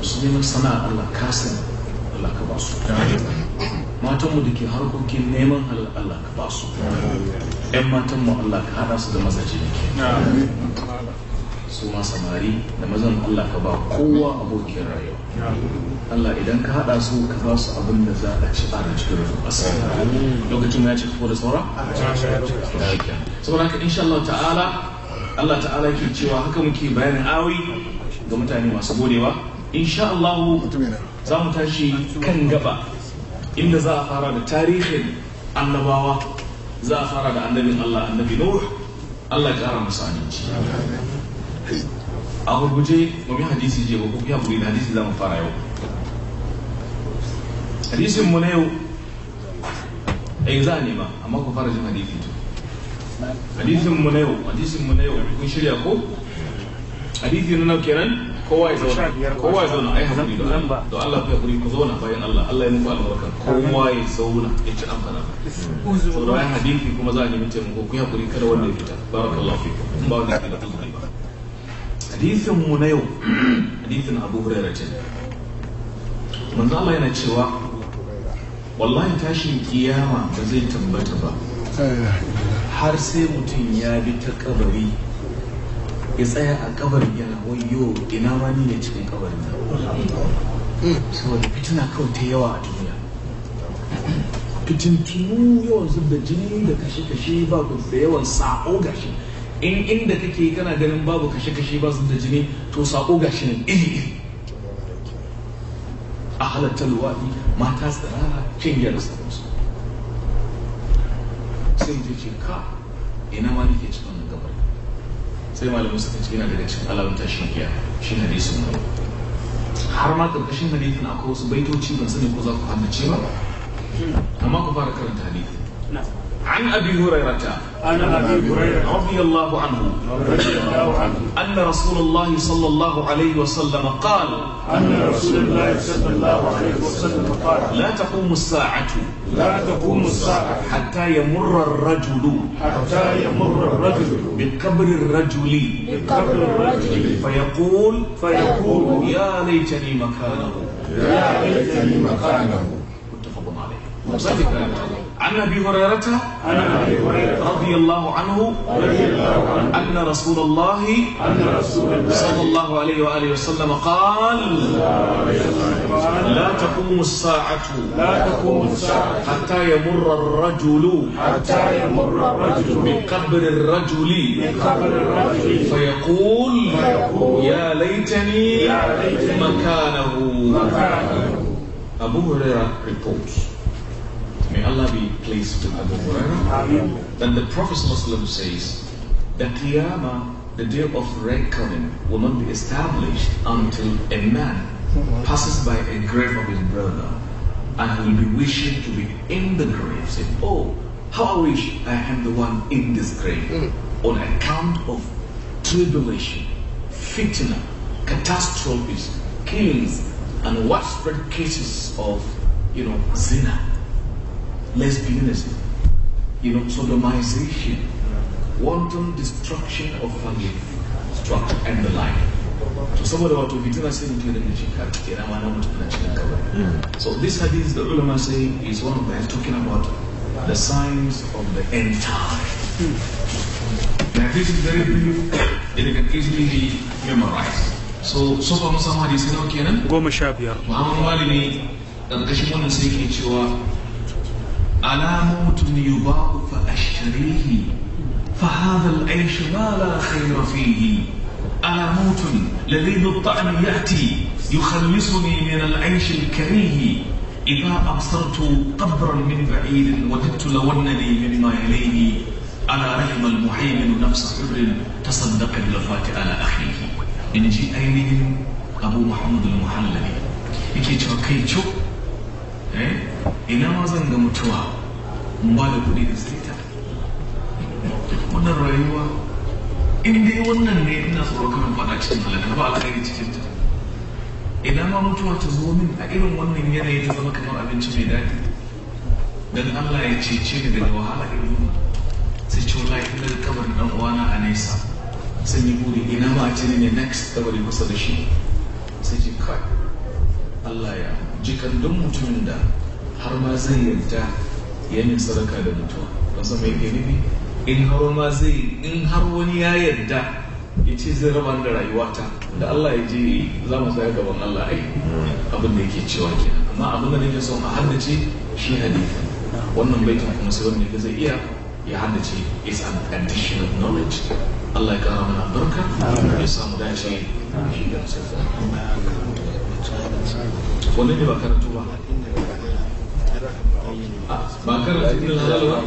masu neman sana'a Allah ka sani Allah ka ba su matanmu da ke harkokin neman Allah ka ba su ‘yan matanmu Allah ka hada su da mazaje da ke su ma samari da mazan Allah ka ba kowa abokin rayuwa Allah idan ka hada su ka ba su abin da za a ci a cikin rubasa lokacin ya ce kafo da saura? saboda haka insha Allah ta'ala Allah ta'ala ke cewa haka muke bayanin awi ga mutane masu godewa insha Allah za mu tashi kan gaba inda za a fara da tarihin annabawa za a fara da annabin Allah annabi Nuh Allah ya kara masa aminci a gurguje mu bi hadisi je ko kuma hakuri da hadisi za mu fara yau hadisin mu na yau ai eh, za ne ba amma ku fara jin hadisi to hadisin mu na yau hadisin mu na yau kun shirya ko hadisi na nau kenan kowa ya zauna kowa ya zauna ai hakuri da Allah to Allah ya hakuri ku zauna bayan Allah Allah ya muku albarka kowa ya zauna ya ci amfana so da wani hadisi kuma za a nemi taimako ku hakuri kada wanda ya fita barakallahu fikum in ba wanda ya fita hadisin mu na yau [CLEARS THROAT] hadisin Abu Hurairah ce manzo Allah yana cewa wallahi tashin kiyama ba zai tambata ba har sai mutum ya bi ta kabari ya tsaya a kabarin yana wayo ina ma ni ne cikin kabarin hmm. saboda fitina kawai ta yawa a duniya fitintunu yawan zub da jini da kashe-kashe ba da yawan sa'o gashi in inda kake kana ganin babu kashe-kashe ba zub da jini to sa'o gashi nan iri-iri a halatta luwaɗi mata tsirara cin yana sauransu sai je ce ka ina ma nake cikin sai malamin suka ce yana daga cikin alamun tashin giya shi hadisin nan har ma karkashin hadisin akwai wasu baitoci ban sani ko za ku hannace ba amma ku fara karanta hadisin an abi hurairata عن أبي هريرة رضي الله عنه أن رسول الله صلى الله عليه وسلم قال أن رسول الله صلى الله عليه وسلم قال لا تقوم الساعة لا تقوم الساعة حتى يمر الرجل حتى يمر الرجل بقبر الرجل بقبر الرجل فيقول فيقول يا ليتني مكانه يا ليتني مكانه متفق عليه متفق عليه عن ابي هريره عن ابي هريره رضي الله عنه رضي الله عنه ان رسول الله ان رسول الله صلى الله عليه واله وسلم قال لا تقوم الساعه لا تقوم الساعه حتى يمر الرجل حتى يمر الرجل بقبر الرجل بقبر الرجل فيقول يا ليتني مكانه مكانه ابو هريره reports May Allah be pleased with Abu Hurairah. Then the Prophet says, The Qiyamah, the day of reckoning, will not be established until a man passes by a grave of his brother and will be wishing to be in the grave, saying, Oh, how I wish I am the one in this grave mm. on account of tribulation, fitna, catastrophes, killings, and widespread cases of, you know, zina lesbianism, you know, sodomization, wanton destruction of family structure and the like. To saboda wato fitina sai So this hadith the ulama say is one of them talking about the signs of the end time. Now this is very brief and it can easily be memorized. So so far mun san hadisi nawa Muhammad Malami ƙarƙashin wannan sai ke ألا موت يباع فأشتريه فهذا العيش ما لا خير فيه ألا موت لذيذ الطعم يأتي يخلصني من العيش الكريه إذا أبصرت قبرا من بعيد وددت لو أنني مما يليه ألا رحم المهيمن نفس حر تصدق اللفات على أخيه إن جي أبو محمد المحلبي يكي توكيتشو Eh? ina ma zan ga mutuwa in ba da kuɗi da sita ta wannan rayuwa in dai wannan ne ina tsoro kan fada cikin halaka ba kai cikin ta ina ma mutuwa ta zo min a irin wannan yanayi ta zama kamar abinci mai daɗi dan Allah ya cece ni daga wahala irin wannan sai ce ya ina kabarin ɗan uwana a nesa sun yi buri ina ma a ce ne next kabari kusa da shi sai ce kai Allah ya jikandun mutumin da har ma zai yarda yanin sadaka da mutuwa don mai yake nufi in har ma zai in har wani ya yarda ya ce zai raba da rayuwata da Allah ya je za mu tsaya gaban Allah ai abin da yake cewa ke amma abin da nake son a haddace shi hadisi wannan baitin kuma sai wanda zai iya ya haddace is an additional knowledge Allah ya kara mana barka ya samu dace shi da musulman wanne ne ba karatu ba ah, ba karatu da halal ba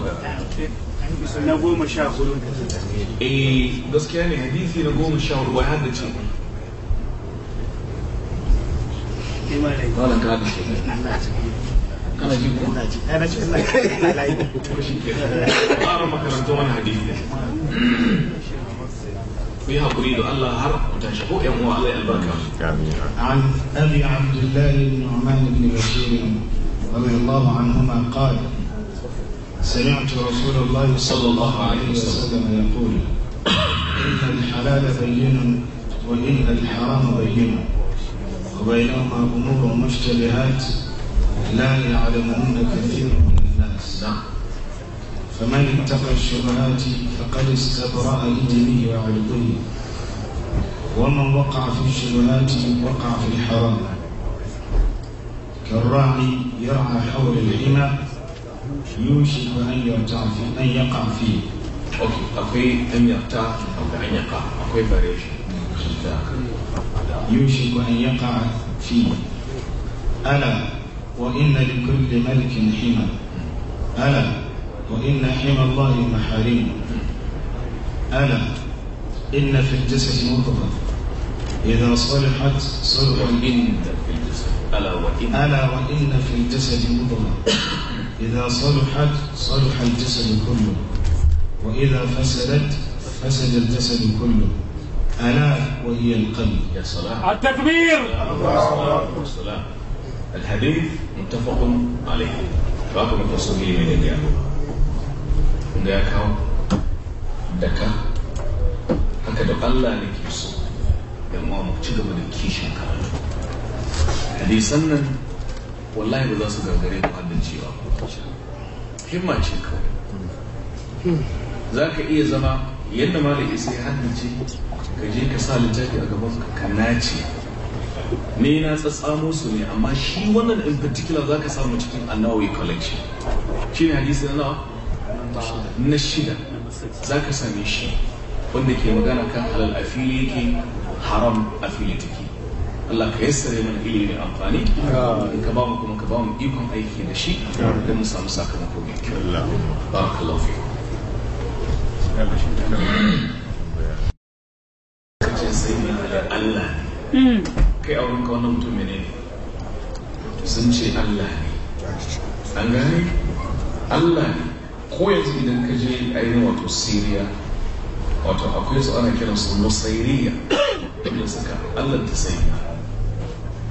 na goma sha hudu eh gaskiya ne hadisi na goma sha hudu wai haddace Malam kana ji ko? [LAUGHS] بها أريد ان لا Allah har يا مولاي البركة عن أبي عبد الله النعمان بن بشير رضي الله عنهما قال سمعت رسول الله صلى الله عليه وسلم يقول إن الحلال بين وإن الحرام بين وبينهما أمور مشتبهات لا يعلمون كثير من الناس نعم فمن اتقى الشبهات فقد استبرأ لدينه وعرضه ومن وقع في الشبهات وقع في الحرام كالراعي يرعى حول الحمى يوشك أن يقع فيه أن يقع فيه أوكي أخوي أن يرتع أو أن يقع أخوي بريش يوشك أن يقع فيه ألا وإن لكل ملك حمى ألا وإن حمى الله محاريم ألا إن في الجسد مضغة إذا صلحت صلح الجند ألا وإن ألا وإن في الجسد مضغة إذا صلحت صلح الجسد كله وإذا فسدت فسد الجسد كله ألا وهي القلب يا صلاح التكبير الحديث متفق عليه رقم التصوير من الجامعة da ya kawo da ka haka da Allah ne ke so yan mu ci gaba da kishin karatu hadisan nan wallahi ba za su gargare mu hannun cewa himma ce kawai za ka iya zama yadda da isa ya ce ka je ka sa littafi a gaban ka ka nace ne na tsatsamo su ne amma shi wannan in particular za ka samu cikin annawi collection shi ne hadisi na nawa na shida za ka same shi wanda ke magana kan halal a fili yake haram a fili take Allah ka yassare mana ilimi mai amfani in ka bamu kuma ka bamu ikon aiki da shi don mu samu sakamako mai kyau barakallahu fi kace sai ne Allah ne hmm. kai auren ka wannan mutum ne. sun ce Allah ne an gane Allah ne ko yanzu idan ka je ainihin wato syria wato akwai su ana kiran su nusairiya da suka allah ta sai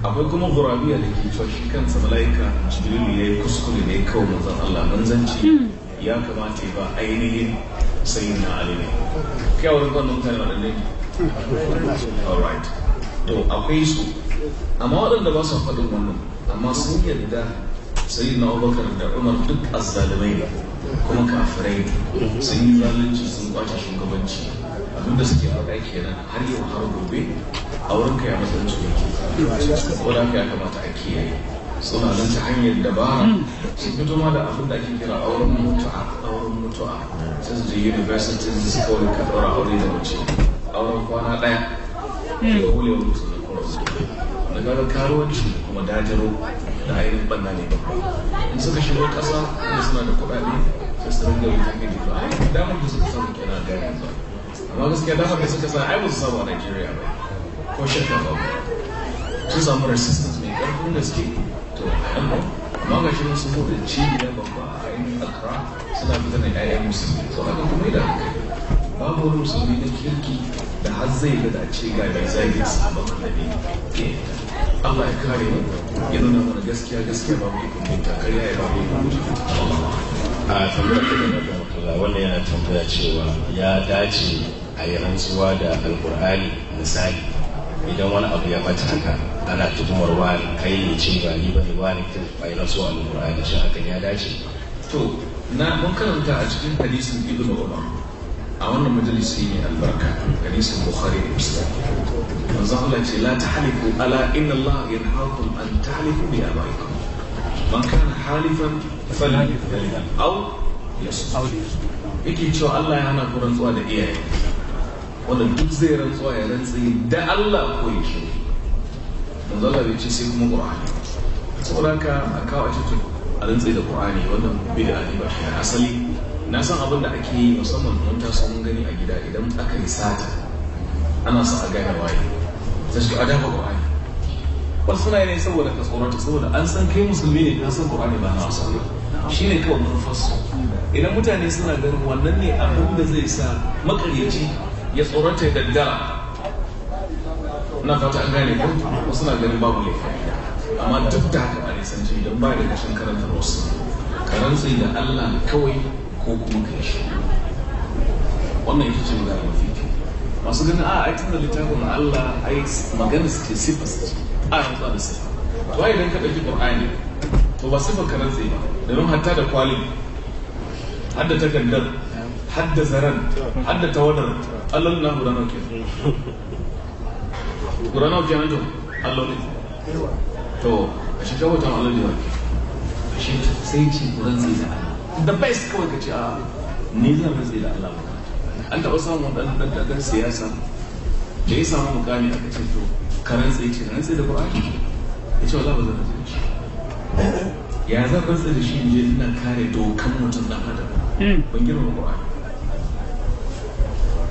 akwai kuma gurabiya da ke cewa shi kansa mala'ika jibrilu ya yi kuskure ne kawai manzan allah manzanci ya kamata ya ba ainihin sai na ali kai wani wannan mutane na ne alright to akwai su amma waɗanda ba su faɗin wannan amma sun yadda sai na abubakar da umar duk azzalumai ne kuma kafirai sun yi zalunci sun kwace shugabanci abin da suke faɗa kenan har yau har gobe a wurin kai a matsayin su yake ko ya kamata a kiyaye suna nan ta hanyar dabara Su fito ma da abin da ake kira auren mutu'a auren mutu'a sai su je university su suka wani ka aure da mace auren kwana ɗaya da kulewar mutum da kuma da gaga karuwanci da kuma dajaro da ainihin banna ne in suka shigo ƙasa inda suna da kuɗaɗe sai su ringa yi zanga da ba ai damar da suka samu kenan gani ba amma gaskiya damar da suka sa ai ba su samu a Najeriya ba ko shakka ba sun samu resistance mai ƙarfin gaske to amma amma ga shi su bude cibiyar babba a ainihin akara suna fitar da 'ya'yan musulmi to haka kuma idan babu wani musulmi na kirki da har zai ga dace ga mai zagin sabon annabi Allah ya kare mu ya nuna mana gaskiya gaskiya ba mu kuma ta karya ya ba mu kuma a tambayar da na kamakalla wannan yana tambaya cewa ya dace a yi rantsuwa da alkur'ani misali idan wani abu ya bata haka ana tuhumar wani kai ne ce ba ni bane wani kin bai rantsuwa alkur'ani shi hakan ya dace to na mun karanta a cikin hadisin ibnu umar a wannan majalisi ne albarka hadisin bukhari da muslim manzo Allah ce la tahlifu ala inna Allah yanhaakum an tahlifu bi abaikum man kana halifan falyahlim aw yasmut yake cewa Allah ya hana ku rantsuwa da iyaye wanda duk zai rantsuwa ya rantsi da Allah ko ya shi manzo Allah bai ce sai kuma Qur'ani saboda haka a kawo a ce a rantsi da Qur'ani wannan bid'a ne ba shi asali na san abin da ake yi musamman mun ta sun gani a gida idan aka yi sata ana sa a gane waye ta shi a dafa waye wasu suna yi ne saboda ka tsorata saboda an san kai musulmi ne ka san qur'ani ba na wasu shi ne kawai manufarsu idan mutane suna ganin wannan ne abin da zai sa makaryaci ya tsorata da da na fata an gane ko wasu suna ganin babu ne amma duk da haka a nisan ce don ba da kashin karanta wasu karantsi da allah kawai ko kuma kai shi wannan ita ce magana mafi kyau masu ganin a ah, ai tunda littafin Allah ai magana su ce sifa su ce a rantsa da sifa to ai idan ka ɗauki Qur'ani to ba sifa ka rantsa ba domin hatta da kwalin hadda ta gandar, hadda zaran, hadda ta wadar Allah na guda ke. guda ke na to Allah ne to a shi kawo ta Allah ke. A shi sai ce guda zai da Allah the best kawai ka ce a ah. ni zan rantsi da Allah an taɓa samun wadannan ɗan takar siyasa da ya samu mukami aka ce to ka rantsi ce rantsi da Qur'ani ya ce wallahi ba zan rantsi ya za ya zan rantsi da shi in je ina kare dokan mutum ba adam hmm. ban girma ba.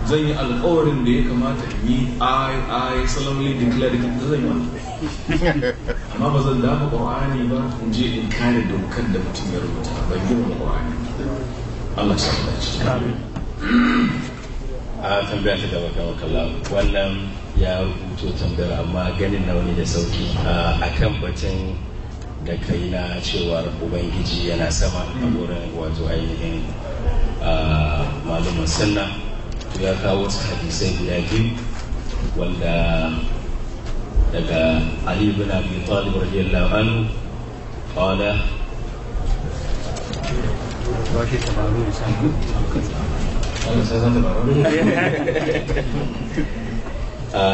zan yi alkawarin da ya kamata in yi ai ai solemnly declare da zan yi wannan amma ba zan dafa ƙwa'ani ba in je in kare dokar da mutum ya rubuta ban girma ƙwa'ani Allah ya da shi a tambaya ta gaba kama kalla wannan ya rubuto tambayar amma ganin na wani da sauki a kan batun da kai na cewar ubangiji yana sama a wurin wato ainihin malamin sunna ya kawo wasu hadisai guda biyu wanda daga Ali bin Abi Talib radiyallahu anhu qala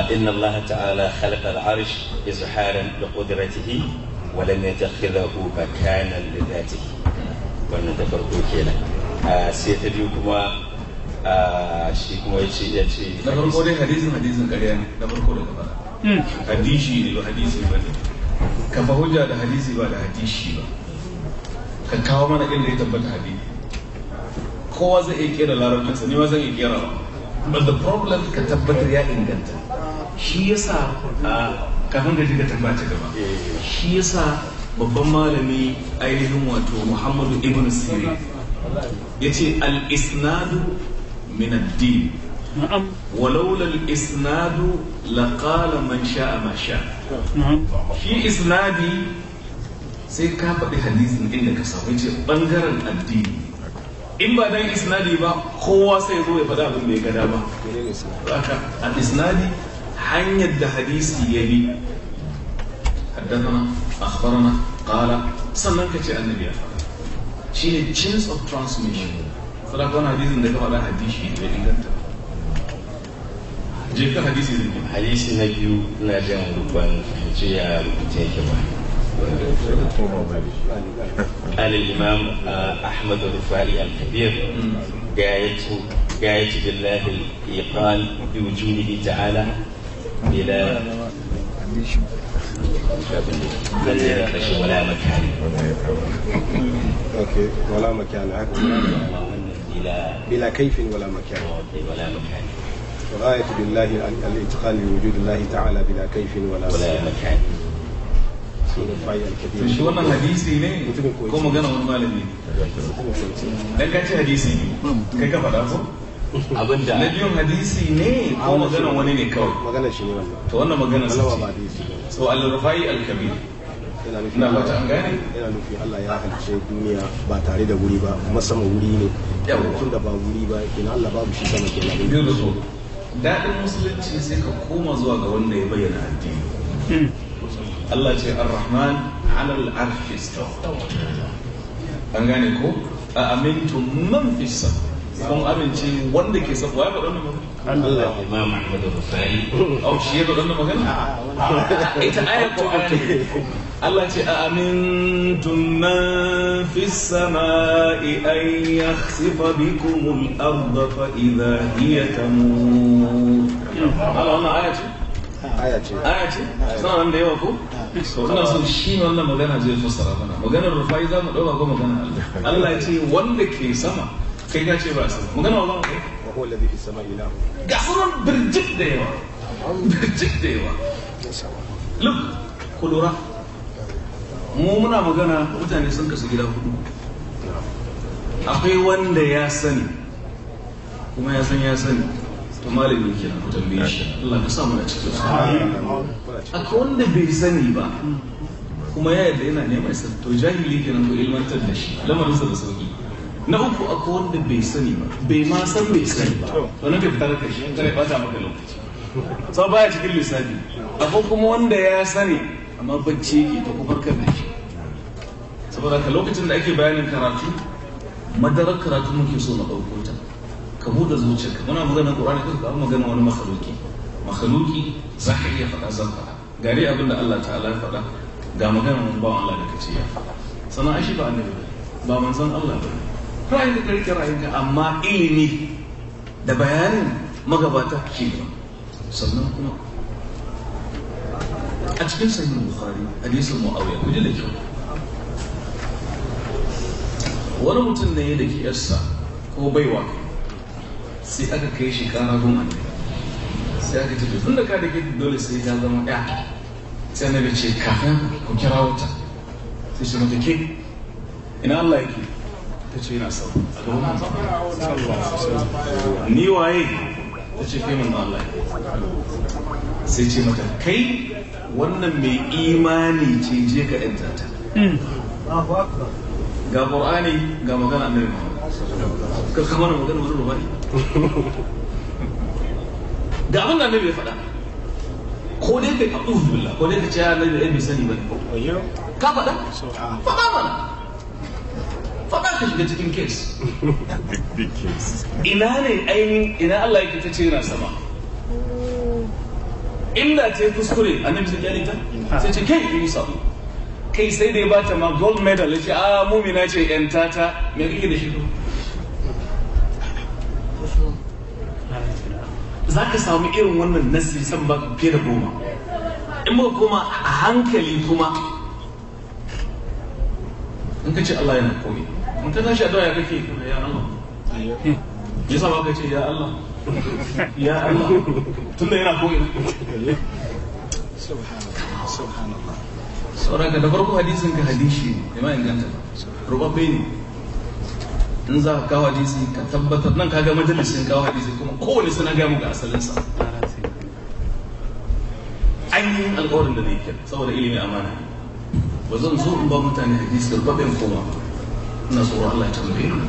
إن الله تعالى خلق العرش إزحارا لقدرته ولم يتخذه مكانا لذاته وأن تفرقوا كده shi kuma ya ce ya ce na farko dai hadisin hadisin ƙarya ne na farko da gaba hmm. hadisi ne ba hadisi ba ne ka fa hujja da hadisi ba da hadisi ba ka kawo mana inda ya tabbata hadisi kowa zai iya kera larabcinsa ni ma zan iya kera ba but the problem ka tabbatar ya inganta shi yasa kafin da ka tabbata gaba shi yasa babban malami ainihin wato muhammadu ibn sirri ya ce al-isnadu من الدين نعم ولولا الإسناد لقال من شاء ما شاء نعم في إسنادي sai ka faɗi hadisin inda ka samu ce ɓangaren addini in ba dan isnadi ba kowa sai zo ya faɗi abin da ya gada ba haka al isnadi hanyar da hadisi ya bi haddathana akhbarana qala sannan ka ce annabi ya faɗa shine chains of transmission saboda wani hadisin da ka faɗa hadisi da inganta je ka hadisi zai hadisi na biyu na jan rubban ce ya rubuta yake ba قال الإمام أحمد الرفاعي الكبير غاية غاية بالله الإيقان بوجوده تعالى إلى ولا مكان. أوكي ولا مكان بلا بلا كيف ولا مكان ولا مكان وغاية بالله الاتقان لوجود الله تعالى بلا كيف ولا, ولا مكان shi wannan hadisi ne ko magana wani malami dan hadisi ne kai ka faɗa ko abinda na biyun hadisi ne ko magana wani ne kawai magana shi ne wannan to wannan magana sai so al-rufai al-kabir yana nufi Allah ya halice duniya ba tare da wuri ba kuma sama wuri ne tun da ba wuri ba kenan Allah babu shi sama kenan beautiful daɗin musulunci sai ka koma zuwa ga wanda ya bayyana addini Allah ce ar-rahman ala al-arshi an gane ko a amintum man fi kun amince wanda ke sabuwa ya faɗa wannan magana Allah ma Muhammadu Rufai au shi ya faɗa wannan magana ita ayatu ayatu Allah ce a amintun man fi sama'i an yakhsifa bikum al-ardha fa idha hiya tamur Allah wannan aya ce aya ce aya ce sanan da yawa ko so ina son shi wannan magana zai fassara mana maganar rufai za mu dauka ko magana Allah Allah ce wanda ke sama kai ka ce ba sama magana Allah ne wa huwa alladhi fi sama'i lahu gasuran birjik da yawa birjik da yawa look kulura mu muna magana mutane sun kasu gida hudu akwai wanda ya sani kuma ya san ya sani to malami ke ku tambaye shi Allah ka samu na cikin su akwai wanda bai sani ba kuma ya yarda yana neman sa to jahili na ko ilmantar da shi lamarin sa da sauki na uku akwai wanda bai sani ba bai ma san bai sani ba to na ka fitar da shi in kare bata maka lokaci sau baya cikin lissafi akwai kuma wanda ya sani amma bacci yake ta kufarkar da shi saboda ka lokacin da ake bayanin karatu madarar karatu muke so na ɗauko ta ka buɗe zuciyarka muna maganar ƙur'ani ka ga magana wani makhaluki makhaluki za ka iya faɗa zan faɗa gari abin da Allah ta'ala ya faɗa ga maganar mun bawan Allah da ce ya sana shi ba annabi ba ba manzon Allah ba ra'ayin da kake ka amma ilimi da bayanin magabata ke ba sannan kuma a cikin sahih bukhari hadisin muawiya ku ji da kyau wani mutum ne da ke ko baiwa sai aka kai shi kara goma sai aka ce tun da ka da dole sai ta zama ɗaya sai annabi ce kafin ku kira wuta sai shi mata ke ina Allah yake ta ce yana sau a gaban ni waye ta ce kai mun Allah sai ce mata kai wannan mai imani ce je ka yanta ta hmm. ga qur'ani ga magana annabi ka kama na magana wani rubani [LAUGHS] ga abin da annabi ya faɗa ko dai kai a'udhu billah ko dai ka ce annabi ya bi sani bane ka faɗa faɗa mana faɗa ka shiga cikin kes [LAUGHS] ina ne ainihin ina Allah yake ta ce yana sama illa ce kuskure a nan kyale ta sai ce kai Musa kai sai da ya bata ma gold medal ce a ah, mumina ce yan tata mai kike da shi za ka samu irin wannan nasi san ba fiye da goma in ba kuma a hankali kuma in ka ce Allah yana komai in ka tashi addu'a ya kake ya Allah yasa ba ka ce ya Allah ya Allah tunda yana ko subhanallah ka da farko hadisin ka hadisi ne ma inganta ne in za ka kawo hadisi alkawarin da saboda ilimi amana ba zan zo in ba mutane hadisi koma ina Allah ya tambaye ni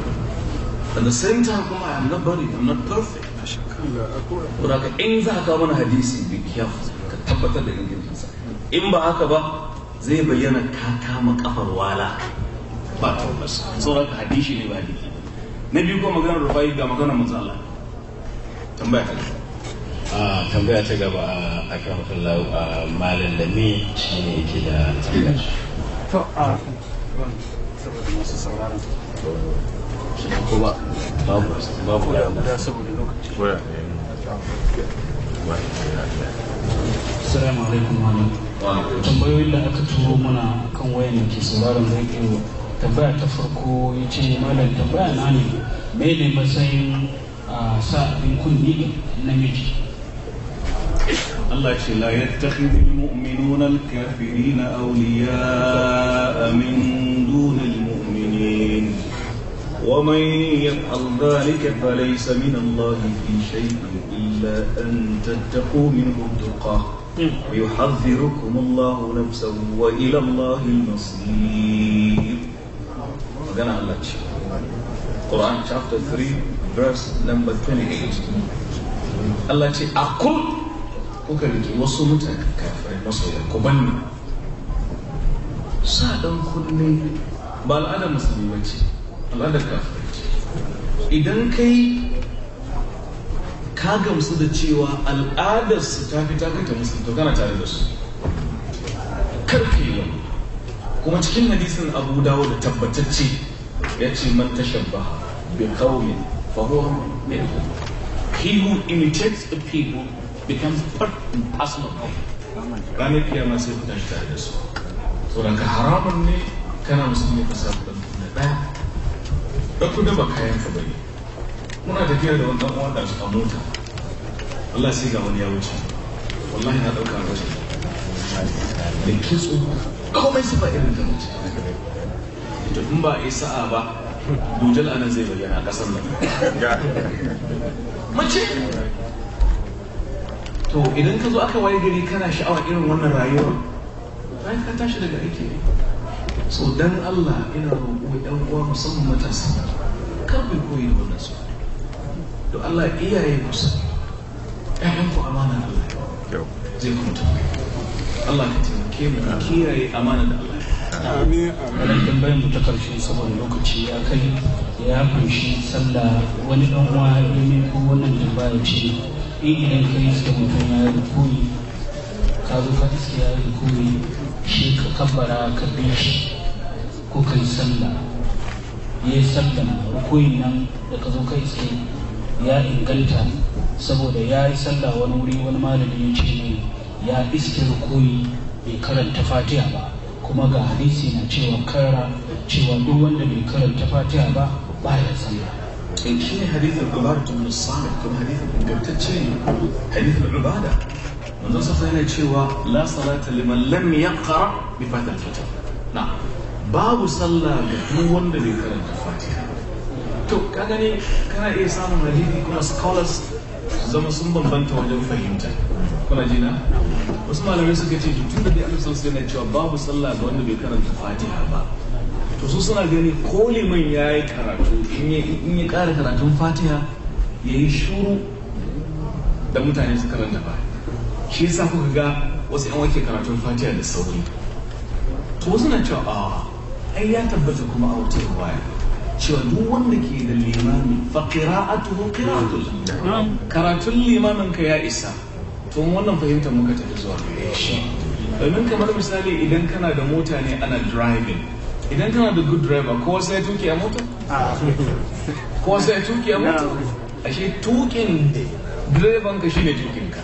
at the same time kuma I am not buried I am not perfect Saboda in za ka mana hadisi be careful ka tabbatar da ingancinsa. In ba haka ba zai bayyana ka kama kafar wala ba tabbas. ka hadisi ne ba hadisi. Na biyu kuma maganar Rufai ga maganar matsala. Tambaya ta gaba. a ah, tambaya ta gaba a kan kullau a ah, malin lami shi ne yake da tambaya. To a ah, saboda masu sauraron. kuma babu babu da saboda da Assalamu alaikum malam. Tambayoyin da aka turo mana kan wayan da ke sauraron rediyo tambaya ta farko ya ce malam tambaya na ne mai ne matsayin sa abin kunni namiji. Allah ce la yattakhidul mu'minuna al-kafirina awliya'a min dunil ومن يفعل ذلك فليس من الله في شيء إلا أن تتقوا منه التقى ويحذركم الله نفسه وإلى الله المصير وقنا الله Quran chapter 3 verse number 28 Allah ce a kun kuka rike wasu mutane kafirai masoya ku banni sa kunne ba al'adar musulmi bace ranar idan kai ka gamsu da cewa al'adarsu ta fi takata musu to kana tare da su karfe yau kuma cikin hadisin abu dawo da tabbatacce ya ce man tashabba bi qaumin fahuwa ne minhum he who imitates the people becomes part and parcel of them fiye masu sai ku tashi tare da su to ka haramun ne kana musulmi ka sabu da ɗaya da kudin ba kayan ka bane muna tafiya da wannan uwan da a mota Allah sai ga wani ya wuce wallahi na dauka rashin da kitso komai su ba irin da mace da in ba yi sa'a ba dujal a nan zai bayyana a ƙasar nan mace to idan ka zo aka waye gari kana sha'awar irin wannan rayuwar ka tashi daga aiki ne so dan Allah ina roƙo ɗan uwa musamman matasa kan ku koyi da wannan su to Allah iyaye ku sani ƴaƴan ku amana Allah zai kuma tafi Allah ka taimake mu kiyaye amana da Allah amin amin bayan mu ta karshe saboda lokaci ya kai ya kunshi sallah wani dan uwa ya ko wannan da ya ce in eh, idan kai suka mutum ya koyi ka zo ka iske ya koyi shi ka kabbara ka bi shi kuka yi sallah ya yi sallah rukuyin nan da ka zo kai tsaye ya inganta saboda ya yi sallah wani wuri wani malami ya ce mai ya iske rukuyi bai karanta fatiha ba kuma ga hadisi na cewa kara cewa duk wanda bai karanta fatiha ba ya sallah in eh, shi ne hadithin ibadatu ta musamman kuma hadithin ingantacce ne hadithin ibada manzon sassa yana cewa la salata liman lam yaqra bi fatihatil kitab babu sallah da duk wanda bai karanta fatiha to ka gani kana iya samun hadisi kuma scholars zama sun bambanta wajen fahimta kuna ji wasu malamai suka ce tun da dai annabi sallallahu cewa babu sallah da wanda bai karanta fatiha ba to su suna gani ko liman yi karatu in ya kara karatun fatiha yi shuru da mutane su karanta ba shi yasa kuka ga wasu yan wake karatun fatiha da sauri to wasu na cewa ai ya tabbata kuma a wata riwaya cewa duk wanda ke da limami fa qira'atuhu qira'atul karatun limamin ka ya isa to wannan fahimtar muka tafi zuwa gare shi domin kamar misali idan kana da mota ne ana driving idan kana da good driver kowa sai tuki a mota ah. [LAUGHS] kowa sai tuki a mota ashe tukin driver ka shine tukin ka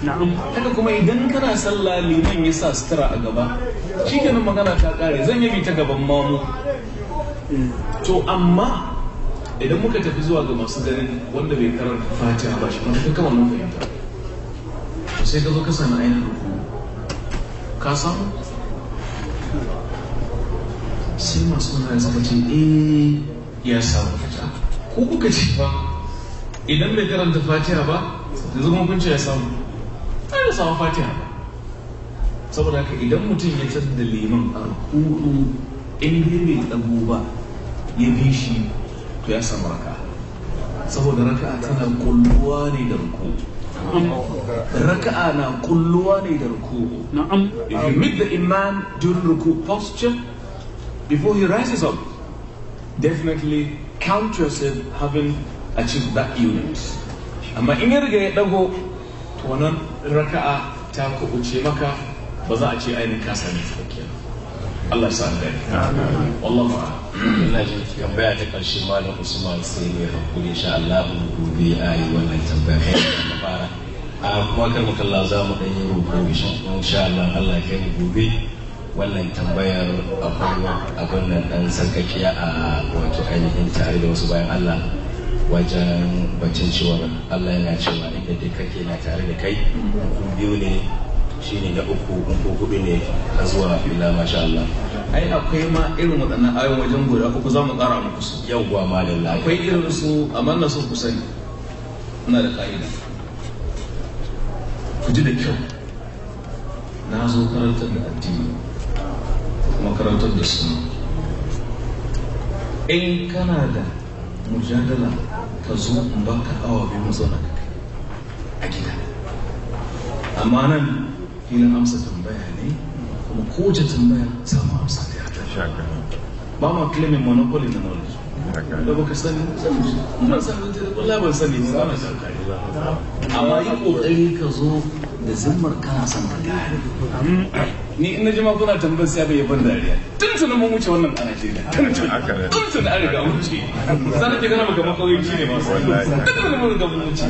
haka kuma idan kana sallah liman ya sa sutura a gaba shi kenan magana ta kare zan yabi ta gaban mamu to amma idan muka tafi zuwa ga masu ganin wanda bai karanta fatiha ba shi wanda kama mun fahimta sai ka zo ka sami ainihin ruku ka samu sai masu ya suka ce eh ya samu ko kuka ce ba idan bai karanta fatiha ba da zama kunce ya samu ai ah, da samu fatiha saboda haka idan mutum ya tar da liman a kudu in dai bai tsago ba ya bi shi to ya samu raka saboda raka'a tana kulluwa ne da ruku raka'a na kulluwa ne da ruku na'am if you meet the imam during ruku posture before he rises up definitely count yourself having achieved that unit amma in ya riga ya dago to wannan raka'a ta kuɓuce maka ba za a ce ainihin ka same shi ba kenan Allah sa gani wallahu a'lam ina jin tambaya ta karshe malam Usman sai mai hakuri insha Allah gobe a yi wannan tambaya kai da fara a kuma kar mutalla za mu dan yi roƙo insha Allah Allah kai mu gobe wannan tambayar a a nan dan sarkakiya a wato ainihin tare da wasu bayan Allah wajen bacin cewar Allah yana cewa inda duk kake na tare da kai biyu ne shine na uku ko hudu ne a zuwa ila masha Allah ai akwai ma irin waɗannan ayoyin wajen guda uku za mu ƙara muku su yawwa malam lafiya akwai irin su amma na su ku sani ina da ƙa'ida ku ji da kyau na zo karantar da addini kuma karantar da suna in kana da mujadala ka zo in baka awa biyu mu zauna a gida amma nan filin amsa tambaya ne kuma kowace tambaya samu amsa da ya ba ma claiming monopoly na knowledge da baka sani na sani da kullum ban sani ba amma yi kokari ka zo da zimmar kana son ka ni ina jima kuna tambayar sai bai ban dariya tun tun mun wuce wannan a Najeriya tun tun tun tun an riga wuce zan ki gana maka makauyaci ne masu duk tun mun ga wuce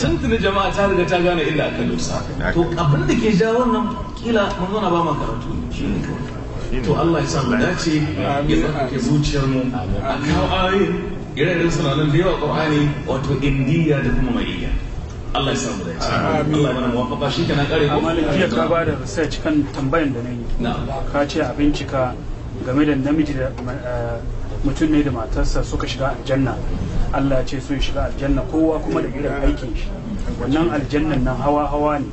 tun tun jama'a ta riga ta gane inda aka dosa to abin da ke jawo wannan kila mun na ba ma karatu shine ne to Allah ya sa mu dace ya ke zuciyar mu a kawai irin sunanan da yawa Qur'ani wato indiya da kuma maiya Allah ya jiya ka ba da research kan tambayan da nayi ka ce a bincika game da namiji da eh, mutum ne da matarsa suka shiga aljanna Allah ya ce su shiga aljanna kowa kuma da irin aikin shi wannan aljannan nan hawa hawa ne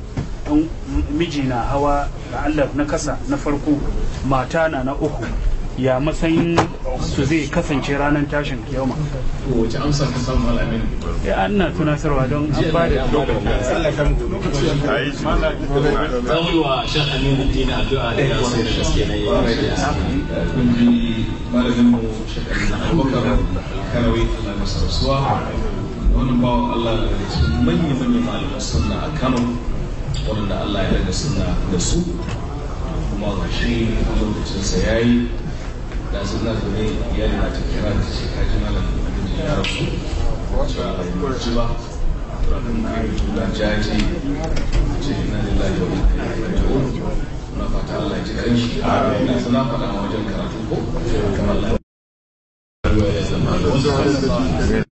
miji na hawa da Allah na kasa na farko mata na na uku ya matsayin su zai kasance ranar tashin kiyama ma. wace amsa ta samu malamin ya an ana tunasarwa don an ba da wannan allah da su a kano waɗanda allah ya daga suna da su kuma ga shi lokacinsa ya yi da sun na zaune iyali na ta kira da ce ka ji malam abinci ya rasu a rayuwar ci ba ranar na yi tula ja ce ce ina lillahi na fata Allah ya ji kan shi ina sana faɗa a wajen karatu ko kamar Allah ya zama da wasu